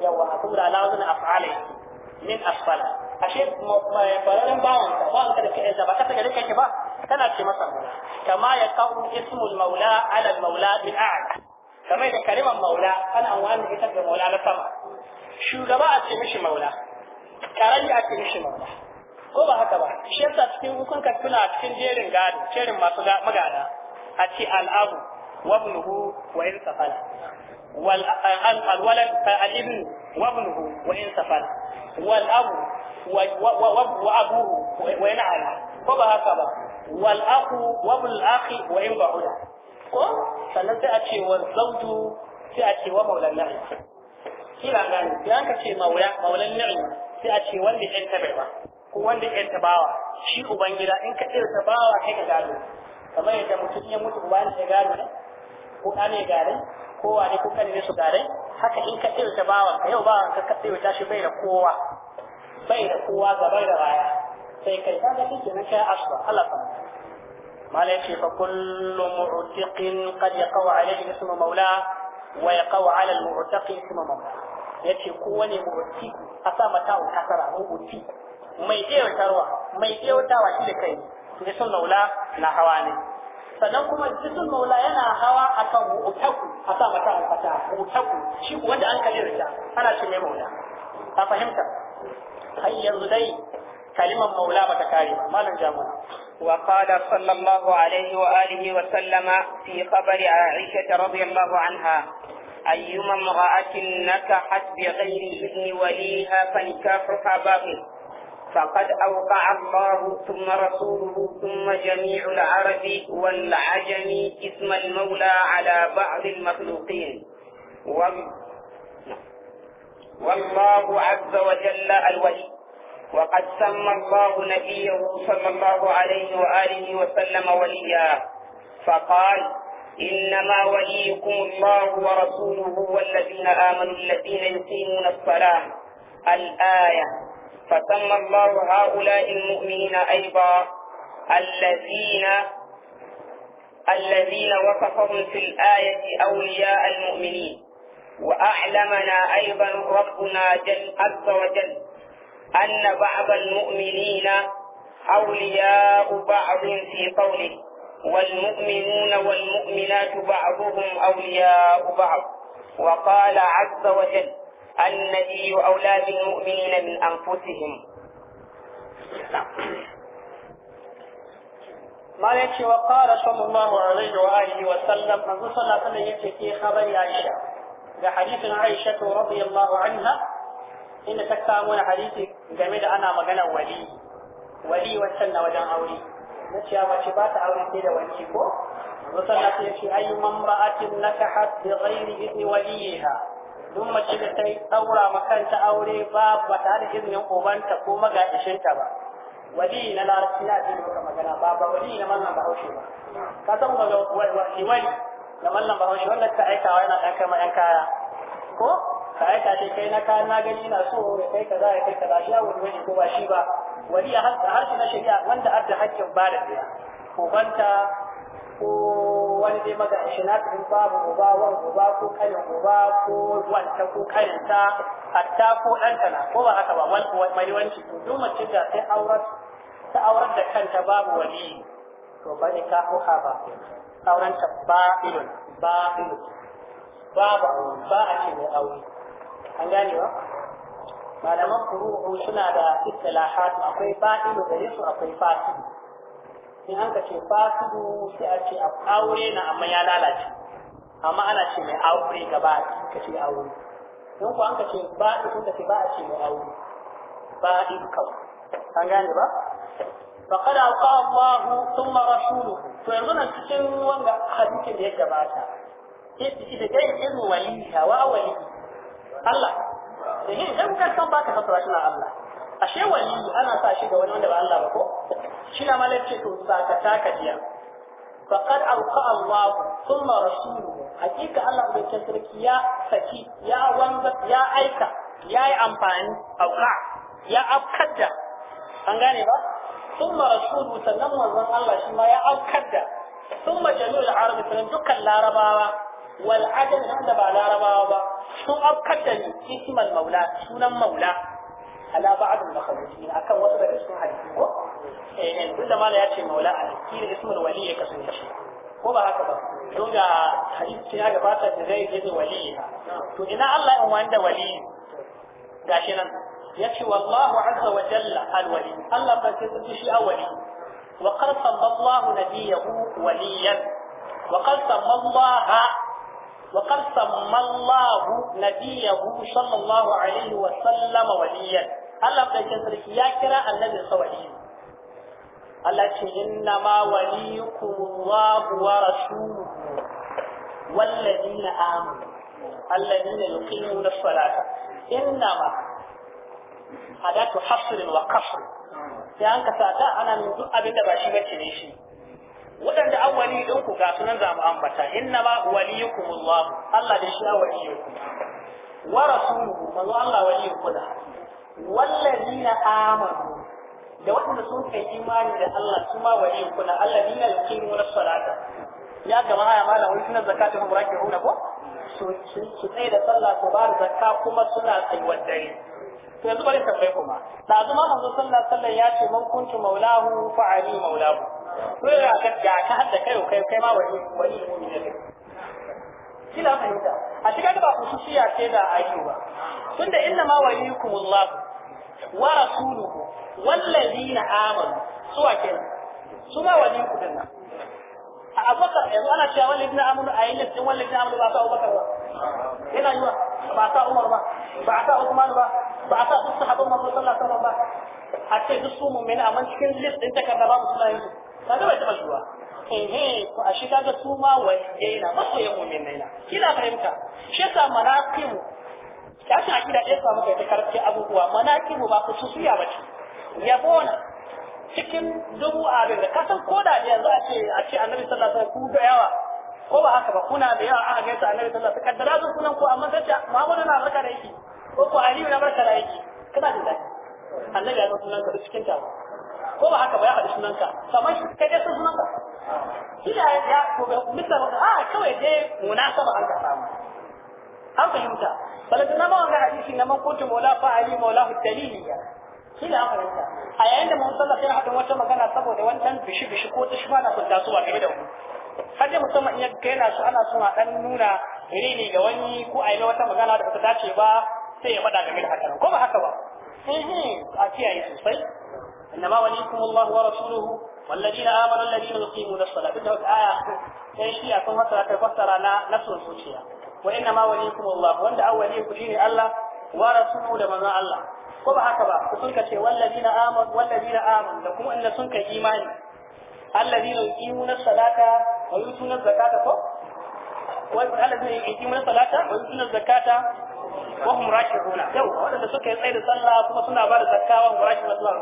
yawa a kubra la wazna af'ala min asfala ashe bararen bawan ka ba ka da kai ba ka saka kai ba kana ce masa kama ya kawo ismul maula ala al maula bil a'la kamar da kalimar maula ana amfani ita ga maula na sama shugaba a ce mishi maula karami a ce mishi maula ko ba haka ba shi yasa cikin hukunka tuna cikin jerin gado jerin masu magana a ce al'abu wabnuhu wa in safala wal alwalad al ibn wabnuhu wa in safala wal abu وأبوه وينعل فبها كبا والأخ وابن الأخ وإن بعد sannan sai a ce wa zauju sai a ce wa maulan na'i kila gani sai an ka ce maulan na'i sai a ce wanda yan ta ba ko wanda yan ta bawa shi uban gida in ka irta bawa kai ka gado kamar yadda mutum ya mutu uba ne ya gado ne ko ɗa ne gare ko wane ko kan ne su gare haka in ka irta bawa ka yau bawa ka kaɗe ta shi bai da kowa bai da kowa gaba da baya sai kai ta ga kike nan kai asra Allah ta malai ce fa kullu mu'tiqin qad yaqaw alayhi ismu maula wa yaqaw ala al-mu'taqi ismu maula yace kowane mu'tiq a sa mata kasara mu'tiq mai ɗewatarwa mai ɗewatawa shi da kai jisun maula na hawa ne sannan kuma jisun maula yana hawa a kan mu'taku a sa mata alfata mu'taku shi wanda an kalirta ana ce mai maula ta fahimta har yanzu كلمة مولا maula ما ta وقال صلى الله عليه وآله وسلم في خبر عائشة رضي الله عنها أيما امرأة نكحت بغير إذن وليها فنكاحها باطل فقد أوقع الله ثم رسوله ثم جميع العرب والعجم اسم المولى على بعض المخلوقين و... والله عز وجل الولي وقد سمى الله نبيه صلى الله عليه وآله وسلم وليا فقال إنما وليكم الله ورسوله والذين آمنوا الذين يقيمون الصلاة الآية فسمى الله هؤلاء المؤمنين أيضا الذين الذين وصفهم في الآية أولياء المؤمنين وأعلمنا أيضا ربنا جل عز وجل أن بعض المؤمنين أولياء بعض في قوله والمؤمنون والمؤمنات بعضهم أولياء بعض وقال عز وجل النبي أولى بالمؤمنين من أنفسهم نعم. ما يكفي وقال صلى الله عليه وآله وسلم أن صلى الله عليه وسلم في خبر عائشة ga hadisin Aisha radiyallahu anha inda ta kawo mana hadisi game da ana maganar wali wali wancan na wajen aure na ce ba ce ba aure sai da wali ko musalla ta ce ayu mamra'atin nakahat bi ghairi idni waliha duk mace da ta daura kanta aure ba ba tare izinin ubanta ko magadishinta ba wali na larabci na addini magana ba na bahaushe ba ga bahaushe wanda ta aikawa yana ɗan kama kaya ko ka aika ce kai na kayan na gani na so ya kai kaza ya kai kaza shi ya wani wani ko ba shi ba wani ya harshe na shari'a wanda adda hakkin ba da biya ko banta ko wani dai maga shi na tun babu uba wan uba ko kanin uba ko wanta ko kaninta hatta ko ɗanta na ko ba haka ba wani wani to duk mace da sai aurar ta aurar da kanta babu wani. to ba ni ka ko ha ba auren ta ba ilun ba ilun babu aure ba a ce mai aure an gane ba malaman furu'u suna da istilahat akwai ba'ilu gare su akwai fasidu in an ka ce fasidu sai a ce aure na amma ya lalace amma ana ce mai aure gaba a ka ce aure don ku an ka ce ba'ilu kun da ce ba a ce mai aure ba'ilu kawai an gane ba faqad alqa Allahu thumma rasuluhu to yanzu nan cikin wanga hadisin da ya gabata da irin بغير إذن وليها Allah الله sai dan kan san baka fasara shi na Allah ashe wali ana sa shi ga wani wanda ba Allah ba ko shi na malaikai to saka taka jiya faqad alqa Allah thumma rasuluhu hakika Allah bai sarki ya saki ya wanda ya aika ya yi amfani auka ya afkadda an gane ba thumma rasuluhu sannan manzon Allah shi ma ya afkadda thumma jami'ul arabi sannan dukkan larabawa Wal'adar adam nan da ba larabawa ba sun afkar da ni hikimar maula sunan maula ala ba'dul makhluqin akan wasu daga cikin hadisi ko eh duk ya ce wali ya ko ba haka ba don ga hadisi ya gabata da zai yi wali to ina Allah in wanda wali gashi nan yace wallahu azza wa jalla al-wali Allah ba sai shi awali وقد صلى الله نبيه waliyan. وقد صلى الله وقد سمى الله نبيه صلى الله عليه وسلم وليا الله قد يشرك يا كرا النبي صلى الله عليه وسلم التي إنما وليكم الله ورسوله والذين آمنوا الذين يقيمون الصلاة إنما أداة حصر وقصر sai an kasa da ana nuna abin da ba shi bace ne shi waɗanda an wali ɗin ku ga sunan mu ambata inna ma waliyukum Allah Allah da shi waliyukum wa rasuluhu manzo Allah waliyukum da wallazina amanu da waɗanda sun kai imani da Allah su ma waliyukum allazina yuqimuna salata ya gama aya malam wai sunan zakatu hum raki'una ko su su tsaye da sallah su ba zakka kuma suna tsayuwar dare to yanzu bari tambaye kuma da azuma manzo sallallahu alaihi wasallam ya ce man kuntu maulahu fa ali maulahu ko ya ka ga ka hadda kai kai kai ma wani wani mu'mini ne kila fahimta a cikin da ba ku khususiya ce da ba. tunda inna ma waliyukumullah wa rasuluhu wallazina amanu su suwa kenan su ma waliyu din nan a abubakar yanzu ana cewa wallazina amanu a yayin da wallazina amanu ba sa abubakar ba yana yiwa ba sa umar ba ba sa usman ba ba sa sahabban manzo sallallahu alaihi wasallam ba a ce duk su mu'mini amma cikin list din takarda ba musulmai kaga bai taɓa zuwa. ehe ko a shi kaga su ma wajena masoyan mu'minai na kina fahimta shi yasa manaqibu ya ta kida ya samu kai ta karfi abubuwa manaqibu ba ku suya bace yabona cikin dubu abin da kasan koda da yanzu a ce a ce annabi sallallahu alaihi wasallam ku da yawa ko ba haka ba kuna da yawa aka gaisa annabi sallallahu alaihi wasallam kaddara su kunan ko amma sai Muhammadu na barka da yake ko ko Aliyu na barka da yake kana da annabi ya zo sunan ka cikin tabo ko ba haka ba ya faɗi sunanka kamar shi kai dai sun sunanka shi da ya ko ba mutum a kawai dai munasaba an ka samu an fahimta balanta na mawan ga hadisi na man kuntu maula fa ali maula dalili ya shi da an fahimta a yayin da mun sallah sai hadin wata magana saboda wancan bishi bishi ko ta shima na kunta su a kai da mu har dai musamman in ya gaina su ana so a dan nuna rini ga wani ko a yi wata magana da ba ta dace ba sai ya faɗa game da hakan ko ba haka ba eh, eh, a kiyaye sosai إنما وليكم الله ورسوله والذين آمنوا الذين يقيمون الصلاة بدها آية تيشيع ثم تفسر على نفس السوشية وإنما وليكم ku وأن Allah, wa الله da من Allah? ko ba haka ba ku sunka ce wallazina amanu wallazina amanu da kuma inda sunka imani allazina yuqimuna salata wa yutuna zakata ko wallazina yuqimuna salata wa yutuna zakata wa hum rashiduna yau wanda suka yi tsaye sallah kuma suna ba da zakka wa hum rashiduna suna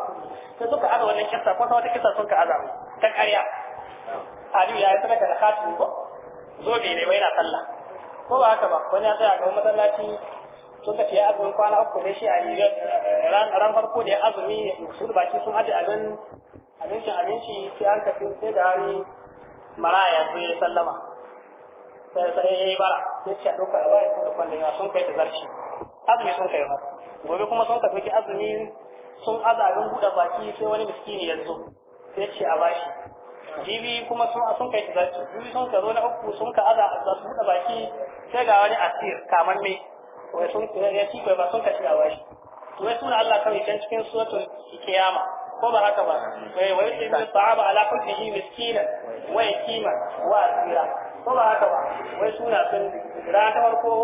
sai suka haɗa wannan kissa ko ta wata kissa sun ka aza ta ƙarya Aliyu ya yi sadaka da khatimi ko zo bai ne yana na sallah ko ba haka ba wani ya tsaya gaban masallaci sun ka ya azumin kwana uku da shi a ran farko da ya azumi su da baki sun aje abin abincin abinci sai an tafi sai da hari maraya sai ya sallama sai sai ya yi bara ya ce a ɗauka a baya sun ka kwallon yawa sun kai da zarci azumi sun kai ba gobe kuma sun ka ɗauki azumi sun aza azabin buɗe baki sai wani miskini ya zo ya ce a bashi jibi kuma sun sun kai da zarci jibi sun ka zo na uku sun ka aza a sun buɗe baki sai ga wani asir kamar me wai sun ya ci ba sun ka ci a bashi to wai suna Allah kawai can cikin suratul kiyama ko ba haka ba wai wai sai ba ala kulli miskina wa yatima wa asira ko ba haka ba wai suna sun rana ta farko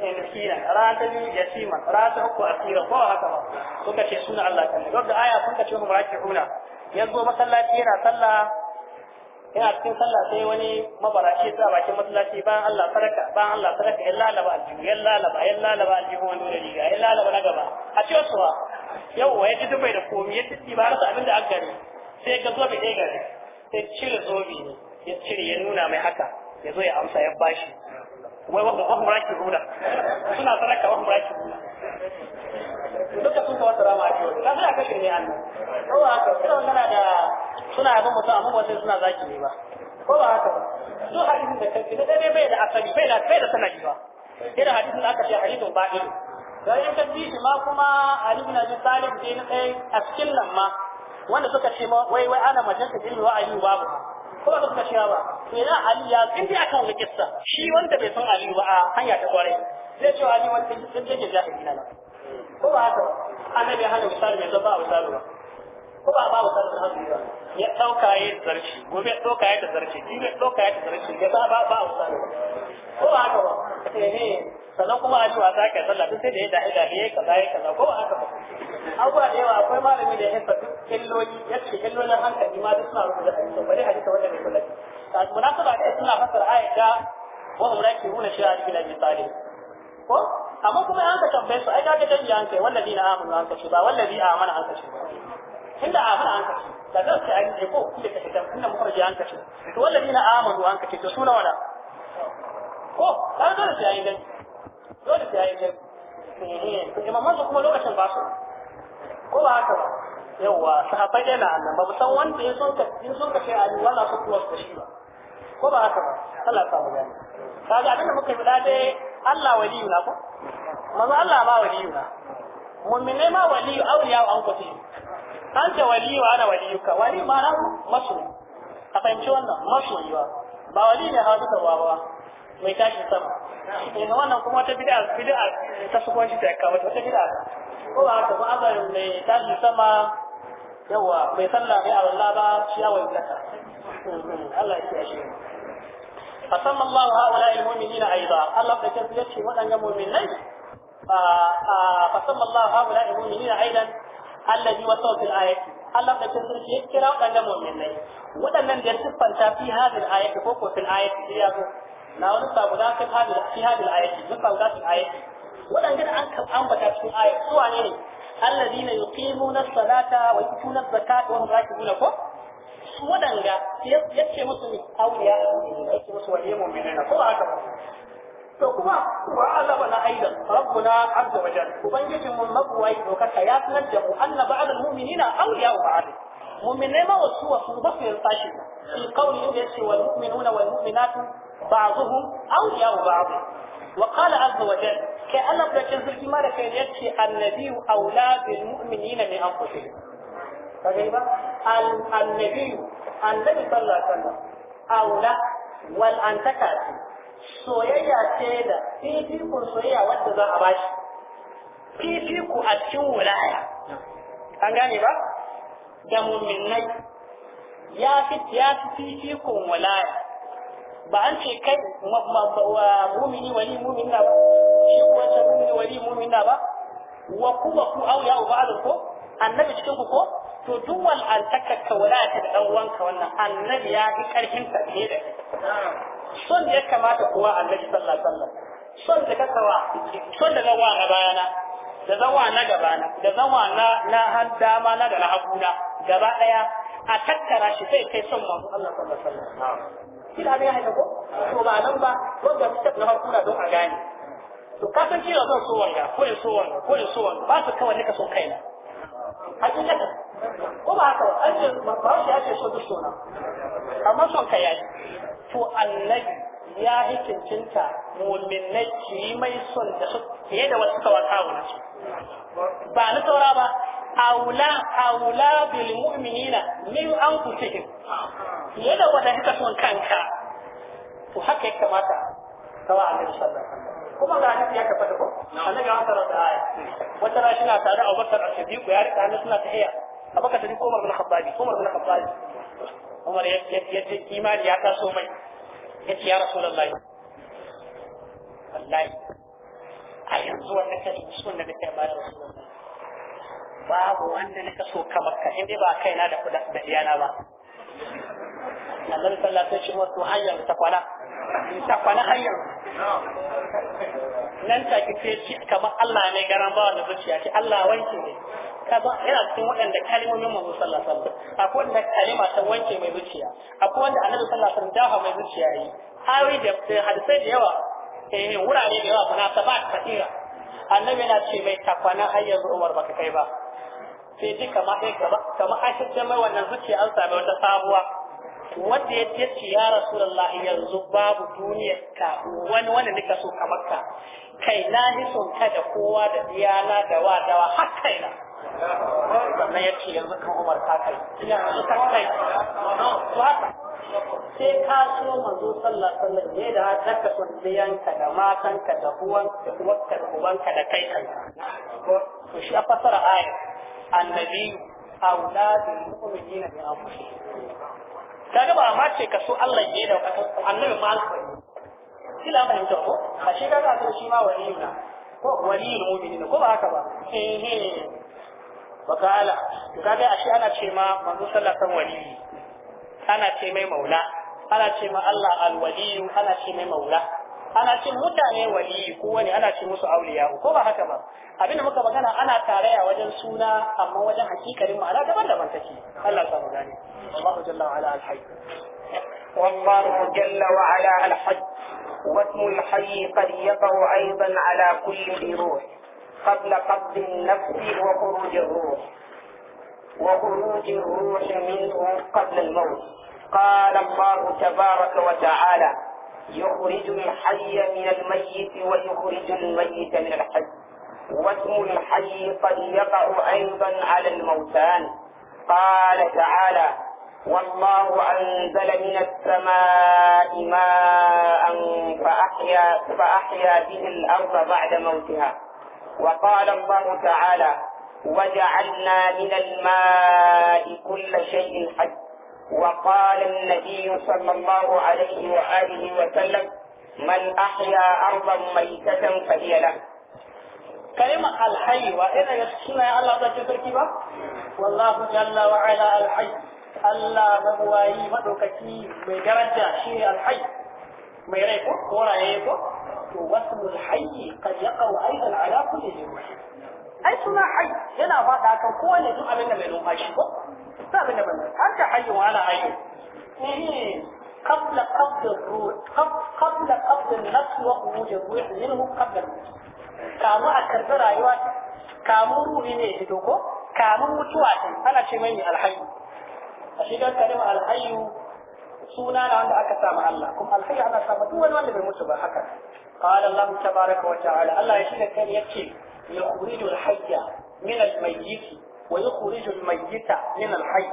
eh, miskina rana ta biyu yatima rana ta uku asira ko haka ba suka ce suna Allah kan duk da aya kun ka ce mu raki huna yanzu masallaci yana sallah yana cikin sallah sai wani mabarashi ya bakin masallaci bayan Allah saraka bayan Allah saraka ya lalaba aljihu ya lalaba ya lalaba aljihu wani da riga ya lalaba na gaba a ce su yau yawwa ya ji dubai da komi ya titi ba rasa abin da aka gari sai ga zobe ɗaya gari sai cire zobe ne ya cire ya nuna mai haka ya zo ya amsa ya bashi wai wanda wani muraki rula suna saraka wani muraki rula duka sun kawar rama a ciwo na suna kashe ne hannu ko ba haka suna magana da suna abin mutum amma ba sai suna zaki ne ba ko ba haka duk hadisin da kanki na dai bai da asali bai da bai da sanadi ba irin hadisin da aka ce hadisin ba'il da in ka ji shi ma kuma Ali bin Abi Talib ne na tsaye a cikin nan ma wanda suka ce wai wai ana majalisar ilmi wa ayyuba babu ko ba ka shiga ba me na ali ya tsinci akan wani shi wanda bai san ali ba a hanya ta kwarai zai ce ali wanda sun je jahili na ko ba haka annabi hana misali mai zaba misali ba ko ba ba misali da hannu ba ya dauka ya zarci gobe ya dauka ya zarci gobe ya dauka ya zarci ya ba ba ba misali ko ba haka ba ne. Eh, eh. sannan kuma a cewa za ka sallah duk sai da ya da'i da ya kaza ya kaza ko haka ba abubuwa da yawa akwai malami da ya haifa duk illoli ya ce illolin hankali ma duk suna rubuta da cikin bari hadisa wanda bai kula ta munasaba da suna fasara ayyuka wa umraki huna shi a cikin abi talib ko amma kuma an ka tambaye su ai kaga canji an kai wallazi na amanu an shi ba wallazi amana an shi ba inda amana an shi. da zan sai an ce ko kuma ka shiga inda mukarji an shi. to wallazi na amanu an shi to suna wala ko kaga dole sai an gani dole ta yi jami'i imaman su kuma lokacin ba su ko ba haka ba yawwa sahabbai dai na annan ba san wanda ya sun ka in sun ka ce a wala su kuma su shi ba ko ba haka ba Allah ya samu gani kaga abinda muka da dai Allah waliyu na ko manzo Allah ma waliyu na mu'mine ma waliyu auliya an kwace Kan ta waliyu ana waliyuka wali ma na masoyi a fahimci wannan masoyi yiwa. ba waliyu ne hawa duka ba ba mai tashin sama daga eh, wannan kuma wata bid'a bid'a ta sukon shi ta kawo wata bid'a ko ba haka ba mai tashin sama yawa mai sallah a Allah ba shi ya wai bid'a Allah ya kiyaye فسمى الله هؤلاء المؤمنين أيضا الله بكثير يشهد أن المؤمنين فسمى الله هؤلاء المؤمنين أيضا الذي kira في الآية الله بكثير يشهد أن المؤمنين ودنا نرتب في ko الآية فوق في الآية na wani sabuna ta hadu fi hadu ayati duk sabuna ta ayati wadanda da an ambata cikin ayat su wane ne alladina yuqimuna as-salata wa yutuna az-zakata wa hum raki'una ko su wadanda yace musu auliya yace musu waliyan mu'minina ko haka ba to kuma wa alaba na aidan rabbuna azza wa jalla ubangijin mun mabuwai dokaka ya sanar da mu anna ba'd al-mu'minina awliya ba'd mu'minai ma wasu wasu ba su yi yarda shi fi ce yace wal mu'minuna wal mu'minatu بعضهم أولياء بعض وقال عز وجل كأن بلكن سلكي ما لك يأتي النبي أولى بالمؤمنين من أنفسهم فكيفا النبي النبي صلى الله عليه وسلم أولى والأنتكاتي soyayya ce da fifikun soyayya wadda za a bashi fifiku a cikin wulaya an gane ba da mumminai ya fi fifikun wulaya ba an ce kai wa mumini wali mumina ba shi kuwa ce mumini wali mumina ba wa kuma ku auya uba alun ko annabi cikin ku ko to duk wal an takakka walata da dan uwanka wannan annabi ya fi karfin ta ne da son da ya kamata kuwa annabi sallallahu alaihi wasallam son da kasa kasawa son da gawa a bayana da zawa na gabana da zawa na na har dama na da na hagu na gaba daya a tattara shi sai kai son manzo Allah sallallahu alaihi wasallam kila ga yana ko to ba nan ba wanda step na farko na don a gane to ka san kila zan so wanga ko in so wanga ko in so wanga ba su kawai nika so kaina hakikata ko ba haka an ce ba shi ake so duk sona amma son ka yayi to annabi ya hikincinta mu'minai ki mai son da su fiye da wasu kawai kawo ba na saura ba aula aula bil mu'minina min anfusihim fiye da wanda kika son kanka to haka ya kamata sawa annabi sallallahu alaihi wasallam kuma ga hadisi ya tabbata ko annabi ya tsara da aya wata shi na tare Abu Bakar as-Siddiq ya rika annabi suna tahiya Abu Bakar Siddiq Umar bin Khattab Umar bin Khattab Umar ya ya imani ya taso mai ya ce ya Rasulullahi wallahi a yanzu wannan kace sunan da kai bayar Rasulullahi babu wanda nika so ka baka inda ba na da kuɗa da iyana ba annabi sallallahu alaihi wasallam wato hanyar ta kwana ta kwana hanyar nan ta ki ce shi kamar Allah ne garan ba da zuciya ki Allah wanke ne kaza yana cikin waɗanda kalimomin mu sallallahu alaihi wasallam akwai wanda kalima ta wanke mai zuciya akwai wanda annabi sallallahu alaihi wasallam dafa mai zuciya yi hawi da hadisai da yawa eh wurare da yawa sabat fatira annabi yana ce mai takwana har yanzu Umar baka kai ba sai ji kama sai kama an fitar mai wannan zuciya an sami wata sabuwa wanda ya ce ya rasulullahi yanzu babu duniya, ka wani wani nika so kamar ka kai na ji son ka da kowa da diyana da wadawa har kai na sannan ya ce yanzu kan umar ka kai yanzu ka kai to haka sai ka so manzo sallallahu alaihi wasallam ne da haka son diyanka da matanka da uwanka da uwanka da da kai kai to shi a fasara ayat annabi auladul mu'minina bi anfusihim kaga ba ma ce kaso Allah ya da annabi ma alƙawari kila mai da ko ka shi kaga to shi ma waliyuna ko waliyul mu'minina ko ba haka ba eh eh wakala to kaga a shi ana ce ma manzo sallallahu alaihi waliyi ana ce mai maula ana ce ma Allah alwaliyu ana ce mai maula ana cin mutane wali ko wani ana cin musu auliya ko ba haka ba abinda muka magana ana tarayya wajen suna amma wajen hakikarin ma'ana daban-daban take Allah ta magana wallahu jalla wa ala al-hayy والله جل وعلا الحج واسم الحي قد يقع أيضا على كل ذي روح قبل قبض النفس وخروج الروح وخروج الروح منه قبل الموت قال الله تبارك وتعالى يخرج الحي من الميت ويخرج الميت من الحي واسم الحي قد يقع أيضا على الموتان قال تعالى والله أنزل من السماء ماء فأحيا, فأحيا به الأرض بعد موتها وقال الله تعالى وجعلنا من الماء كل شيء حي waƙarin na iya san mamman u alishi wa alihi wa talab man ah ya arba mai ka shan fahiyada. karima alhaji ba ina yaushe ne allah na alhaji. allah babu wayi madofaki mai daraja alhaji. mai rai ko ka wara ko. to wasu alhaji ka yaqa wa aizana ala kun iya jirgin. aisu na alhaji yana ba da kan kowa ne don abinda mai luka shi ko. ba abin da ban har da قبل قبض الروح قبل قبض النفس وخروج الروح منه قبل الموت kamu a karbi rayuwa kamu ruhi ne fito ko kamu mutuwa ce ana ce mai alhayu a shi don kalima alhayu suna na wanda aka samu Allah kuma alhayu ana samu duk wanda bai mutu ba haka tabaraka Allah ya shiga kan yace yukhriju alhayya mai almayyit wa yukhrijul mayyita min al-hayy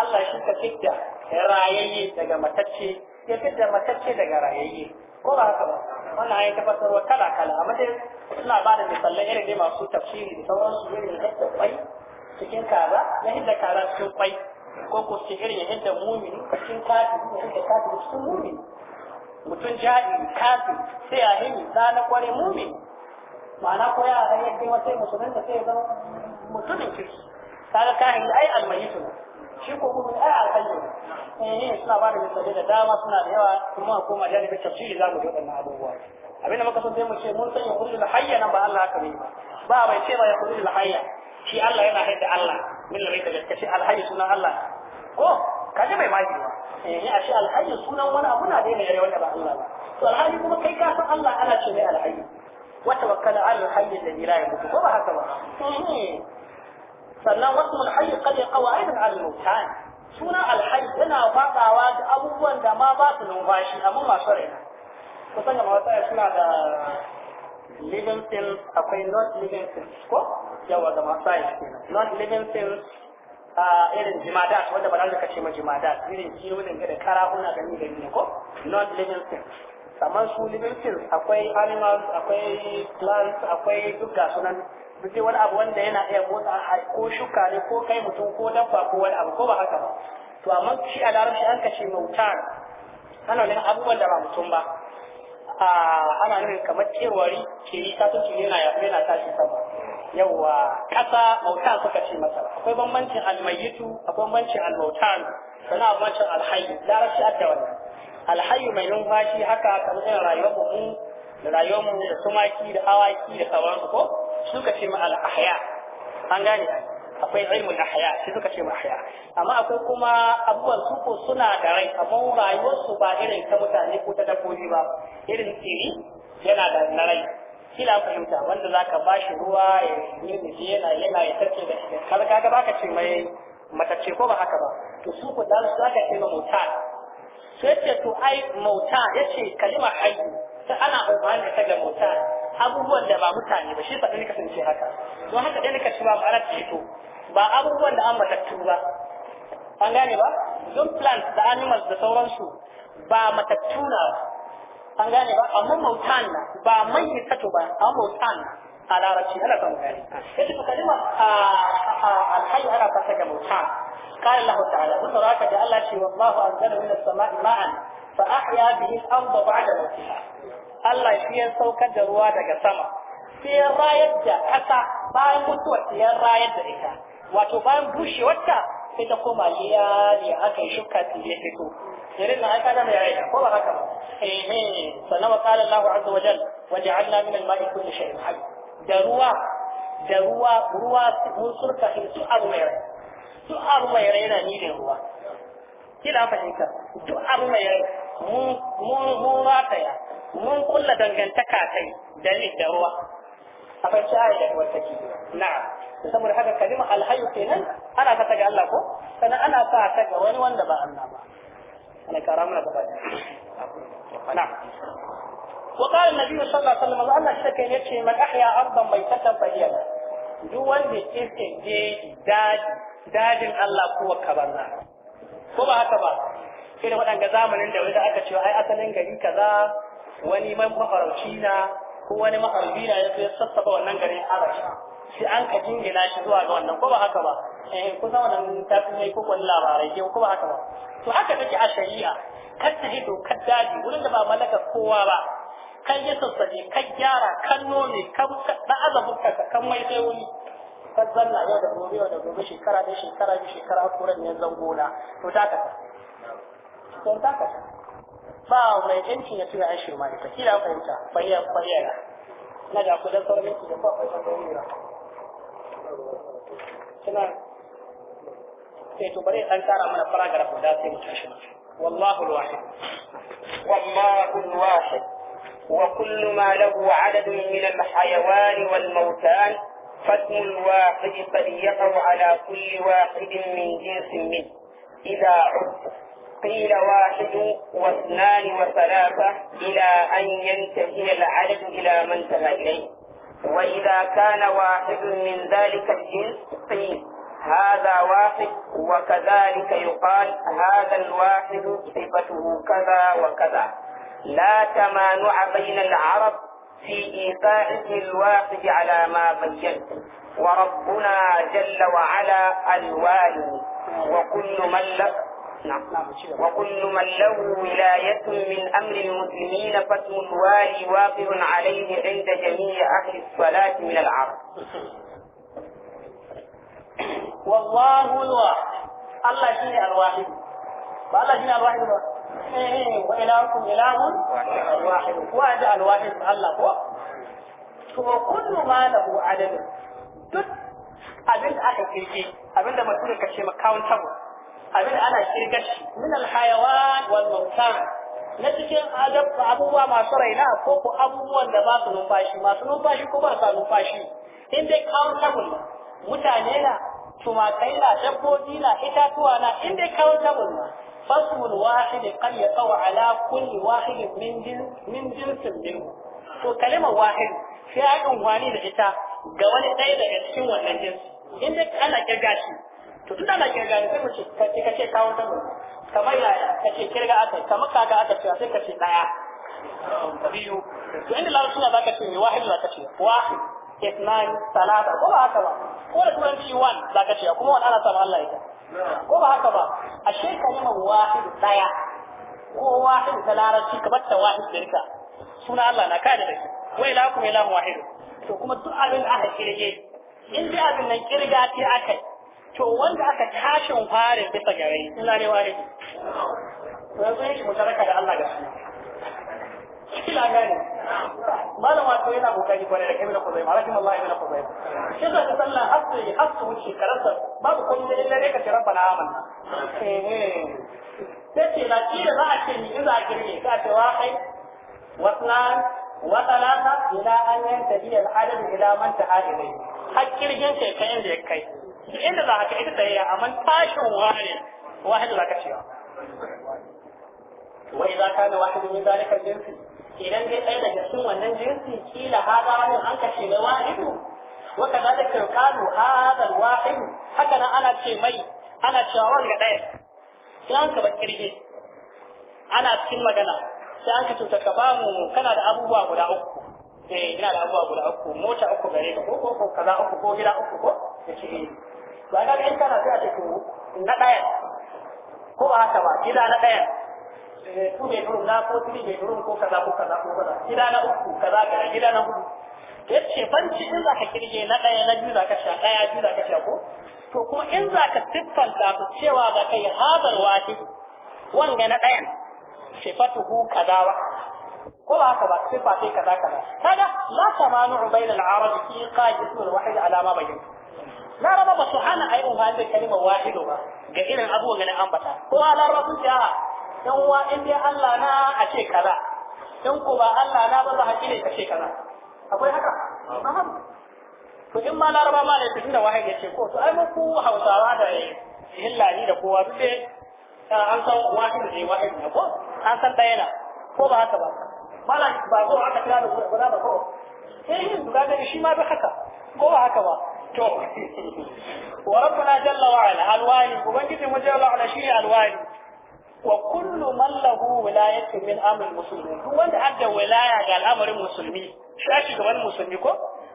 Allah shi ka fitta rayayye daga matacce ya fitta matacce daga rayayye ko ba haka ba wannan ayi tabbatarwa kala kala amma dai ina ba da misalai irin dai masu tafsiri da sauran su irin yadda kwai cikin kaza ya hidda kaza cikin kwai ko ko cikin irin ya hidda mumini cikin kafiri ya hidda kafiri cikin mumini mutum jahili kafiri sai a hini na kware mumini ma'ana ko ya hanyar kuma sai musulun da sai zama mutumin kirki kaga kahin ai almayitu shi ko kuma ai ne. eh suna ba da misali da dama suna da yawa kuma kuma jalibin tafsiri mu ji wannan abubuwa abin da muka so sai mu ce mun sanya kullu hayya nan ba Allah haka ne ba ba bai ce ba ya kullu hayya shi Allah yana haida Allah min la baita gaske shi alhayyu sunan Allah ko kaje bai mai ba eh a shi alhayyu sunan wani abu na da yake wanda ba Allah ba to alhayyu kuma kai ka san Allah ana ce mai alhayyu wa tawakkala ala alhayy alladhi la yamutu ko ba haka ba eh, eh. sannan wasu alhayyu qad yaqaw aidan al mutan suna alhayyu yana fadawa da abubuwan da ma ba su numfashi amma masu raina kusan ga wata suna da living things akwai not living things ko yawa ga masu kenan not living things irin jimada wanda ba za ka ce ma jimada irin kiyonin da kuna gani gani ne ko not living things amma su living things akwai animals akwai plants akwai duk ga sunan Ku ce wani abu wanda yana iya motsa ko shuka ne ko kai mutum ko dabba ko wani abu ko ba haka ba to amma shi a larabci an kashe mautar ana wani abubuwan da ba mutum ba ana nuna kamar tsirwari ke yi kasance yana yafi yana tashi sama yawa kasa mautar suka ce masa akwai bambancin almayitu akwai bambancin almautar sannan bambancin alhayi larabci ta wannan alhayu mai numfashi haka kamar yana rayuwar mu da rayuwar mu da tumaki da awaki da sauransu ko suka ce ma al-ahya an gane akwai ilmul ahya shi suka ce ma ahya amma akwai kuma abubuwan su ko suna da rai amma rayuwar su ba irin ta mutane ko ta dabbobi ba irin tsiri yana da na rai kila fahimta wanda zaka shi ruwa ya yi yana yana ya tace da shi kaga ga baka ce mai matacce ko ba haka ba to su ku dan su zaka ce ma mota sai ce to ai mota yace kalima hayy sai ana amfani da ta ga mauta abubuwan da ba mutane ba shi faɗi kasance haka don haka dai nika cewa ba to ba abubuwan da an matattu ba an gane ba don plants da animals da sauransu ba matattu na an gane ba amma mautan na ba mai kato ba amma mautan na a larabci ana samu gane yace to a alhayy ana fasa ga mautan قال الله تعالى وتراك جعل الله والله أنزل من السماء ماء فأحيا به الأرض بعد موتها Allah shi ya saukar da ruwa daga sama Fiye ya rayar da ƙasa bayan mutuwar sai ya rayar da ita wato bayan bushe wata sai ta koma liya ne aka yi shuka fiye ya fito irin na aika dama ya aika ko ba haka ba eh eh sannan wa qala Allahu azza wa jalla waja'alna min al-ma'i kulli shay'in hayy da ruwa da ruwa ruwa mun surka su abu mai rai su abu mai rai yana ni da ruwa kila fahimta duk abu mai rai mun rataya mun kulla dangantaka kai da ni da ruwa akwai shahada da ruwa take na'am saboda haka kalimar alhayu kenan ana ta ga Allah ko sannan ana sa ta ga wani wanda ba Allah ba ana kara mana gaba na'am وقال النبي صلى الله عليه وسلم الله شكل يكشي من أحيا أرضا ميتة فهي duk wanda iske je dajin Allah ko kabarna ko ba haka ba irin waɗanda zamanin da wanda aka cewa ai asalin gari kaza wani mafarauci na ko wani maharbi na ya ya sassaba wannan garin habashi sai an ka jingina shi zuwa ga wannan ko ba haka ba eh kusan wannan tafi ko wani labarai ko ba haka ba to haka take a shari'a kar ta hido kar daji wurin da ba mallaka kowa ba kan ya sassabe kan gyara kan nome kan da azabukka kan mai sai wuri ka zanna yau da gobe yau da gobe shekara da shekara da shekara kuran ne zangona to ta ka ta ta ba mai yancin ya tura shi ma ita kila fahimta bayyana bayyana na da ku da sauran minti da kwakwai da bayyana suna sai to bari an tara mana paragraph guda sai mu tashi والله الواحد والله الواحد وكل ما له عدد من الحيوان والموتان فاسم الواحد قد يقع على كل واحد من جنس منه إذا عرف قيل واحد واثنان وثلاثة إلى أن ينتهي العدد إلى ما انتهى إليه وإذا كان واحد من ذلك الجنس قيل هذا واحد وكذلك يقال هذا الواحد صفته كذا وكذا لا تمانع بين العرب في إيقاع الواحد على ما بينت وربنا جل وعلا الوالي وكل من لك وكل من له ولاية من أمر المسلمين فتو الوالي واقع عليه عند جميع أهل الصلاة من العرب والله الواحد الله شيء الواحد الله شيء الواحد وإلهكم إله واحد واحد الواحد الله هو هو كل ما له عدد duk abin da aka kirki abin da mutum ka ce ma countable abin ana shirka shi min alhayawan wal mawtan na cikin adab abubuwa masu raina ko ko abubuwan da ba su numfashi masu numfashi ko ba su numfashi in dai countable mutane na tumakai na dabbobi na itatuwa na in dai countable na فصل واحد قد يقع على ala واحد من جنس min jinsin منه to kalimar wahid sai a yi unwani da ita ga wani ɗaya daga cikin wannan jinsi in dai ana kirga shi to tun na kirga ne sai mu ce ka ce kawo ta mu kamar yaya ka ce kirga aka kamar kaga aka ce sai ka ce daya biyu to inda larabci na zaka ce wahid zaka ce wahid isnan salata ko ba haka ba ko da turanci one zaka ce kuma wani ana samun Allah ita ko ba haka ba ashe ma wahid daya ko wahid ta larabci kamar ta wahid shirka suna Allah na kada da shi wai la kuma ilahu wahid to kuma duk abin aka kirge in dai abin nan kirga ce akai to wanda aka tashin farin bisa gare ina ne wani yanzu yake mutaraka da Allah ga shi kila gane malam wato yana kokari kwarai da kamar kuzai malaki wallahi ibn kuzai shi da sallan hasu hasu wuce karanta babu kun da illa ne ka amana. rabbana amanna eh, eh. sai ce na kila za a ce ni za a girme ka ce wa kai wasnan wa talata ila an yanta ila al-adad ila man ta'ala hakkin jinkai kayan da ya kai inda za ka ita da ya amma tashin wani wahid za ka cewa wa idza kana wahid min zalika jinsi idan dai ɗaya daga cikin wannan jinsi kila hada wani an kashe da wahid wa kadhalika yuqalu hada al-wahid haka nan ana ce mai ana cewa wanga ɗaya idan ka bakirge ana cikin magana sai an ka tuta ka ba mu kana da abubuwa guda uku eh ina da abubuwa guda uku mota uku gare ka ko ko kaza uku ko gida uku ko yace eh Ba a kaga in kana sai a ce to na ɗaya ko ba haka ba gida na ɗaya eh, two bedroom na ko three bedroom ko kaza ko kaza ko kaza gida na uku kaza kaza gida na hudu yace banci in zaka kirge na ɗaya na biyu zaka sha ɗaya biyu zaka sha ko to kuma in zaka siffanta su cewa ba kai hadar wahid wanga na ɗayan sifatuhu kaza wa ko ba haka ba sifa sai kaza kaza kaga la tamanu bainal arabi fi qajis wal wahid ala ma bayyana laraba ba su hana a yi umfani da kalimar wahido ba ga irin abubuwan ganin ambata kowa laraba sun ce a yan uwa in dai Allah na a ce kaza in ko ba Allah na ba ba hakki ne ka ce kaza akwai haka to in ma laraba ma da tunda wahayi ya ce ko to ai ku hausawa da hillani da kowa duk dai an san wahido ne wahido ne ko an san ɗaya na ko ba haka ba mala ba ko aka kira da guda ba ko eh yin guda da shi ma ba haka ko ba haka ba to wa rabbuna jalla wa ala alwani ubangiji mu jalla ala shi alwani wa kullu man lahu wilayatun min amr muslimin duk wanda adda wilaya ga al'amarin musulmi shashi gaban musulmi ko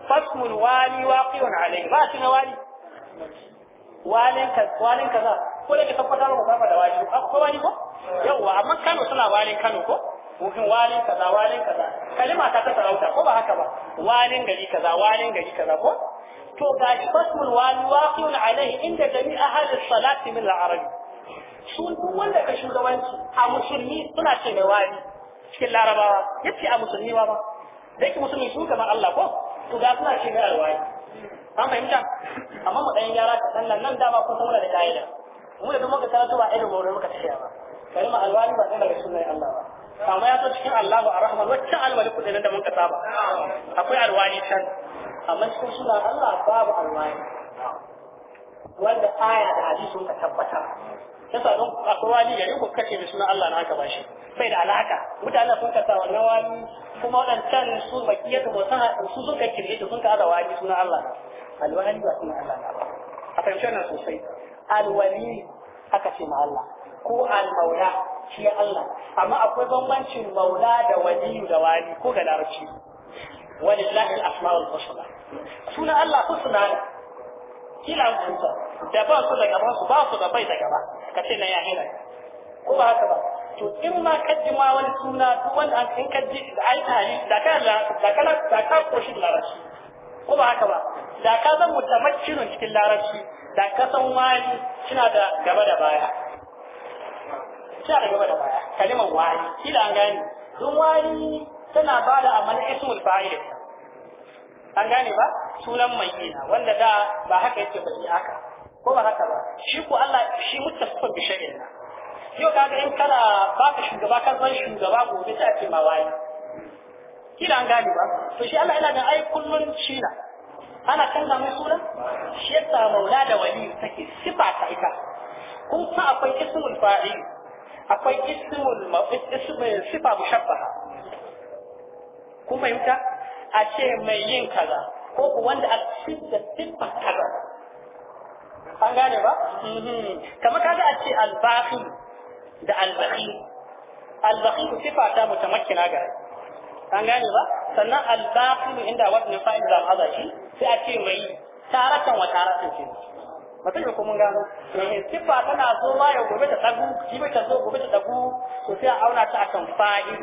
fasmul wali waqiyun alayhi ba shi na wali walin ka walin kaza ko da ke tabbata ba ka da wali ko wali ko yawa amma Kano suna walin Kano ko mukin walin kaza walin kaza kalima ta ta sarauta ko ba haka ba walin gari kaza walin gari kaza ko to gashi fatul wani waqi'un alaihi inda jami ahli salati min al-arab su duk wanda ka shugabanci a musulmi suna ce mai wani cikin larabawa yace a musulmi ba da yake musulmi su Allah ko to ga suna ce mai amma mu dan yara nan nan dama ka'ida mu da muka karatu ba irin muka tafiya ba kalma ba Allah ba amma ya cikin Allah a wacce da mun ka saba akwai can amma cikin suna Allah babu Allah wanda aya da hadisi ka tabbata. yasa don akwai wani gari ku kace da suna Allah na haka ba shi bai da alaka mutanen sun ka sa wannan wani kuma wadancan su bakiyatu ba san su sun ka kirye su sun ka ada wani sunan Allah alwali ba sunan Allah ba a fahimci wannan sosai alwali aka ce ma Allah ko almaula shi Allah amma akwai bambancin maula da waliyu da wani ko ga larabci walillahi al-asma'ul husna sunan Allah suna ne kila mun da ba su da gaba su ba su da bai da gaba ka ce na ya hira ko ba haka ba to in ma ka ma wani suna duk wanda an kai ka ji da ai tare da ka da ka da ka koshi larabci ko ba haka ba da ka zan mu mutamakkinun cikin larabci da ka san wani kina da gaba da baya kina da gaba da baya kalimar wani kila an gani don wani tana bada amana ismul fa'il an gane ba sunan mai ina wanda da ba haka yake ba haka ko ba haka ba shi ko Allah shi muttafaqun bi shay'in yau kaga in kana baka shugaba ka san shugaba gobe sai a ce ma wayi kila an gane ba to shi Allah yana da ai kullun shi na ana canza mai suna? shi yasa maula da wali take sifa ta ita kun fa akwai ismul fa'il akwai ismul mafi ismul sifa mushabbaha kun fahimta a ce mai yin kaza ko ku wanda a sidda siffar kaza an gane ba mm-hmm. kamar kaza a ce albahi da albahi albahi siffa ta makina ga an gane ba sannan albahi inda wannan fa'il za a shi sai a ce mai taratan wa taratan ce mutum ko kuma gano siffa tana zo ma ya gobe ta shi jibi ta zo gobe ta dagu to sai a auna ta a kan fa'il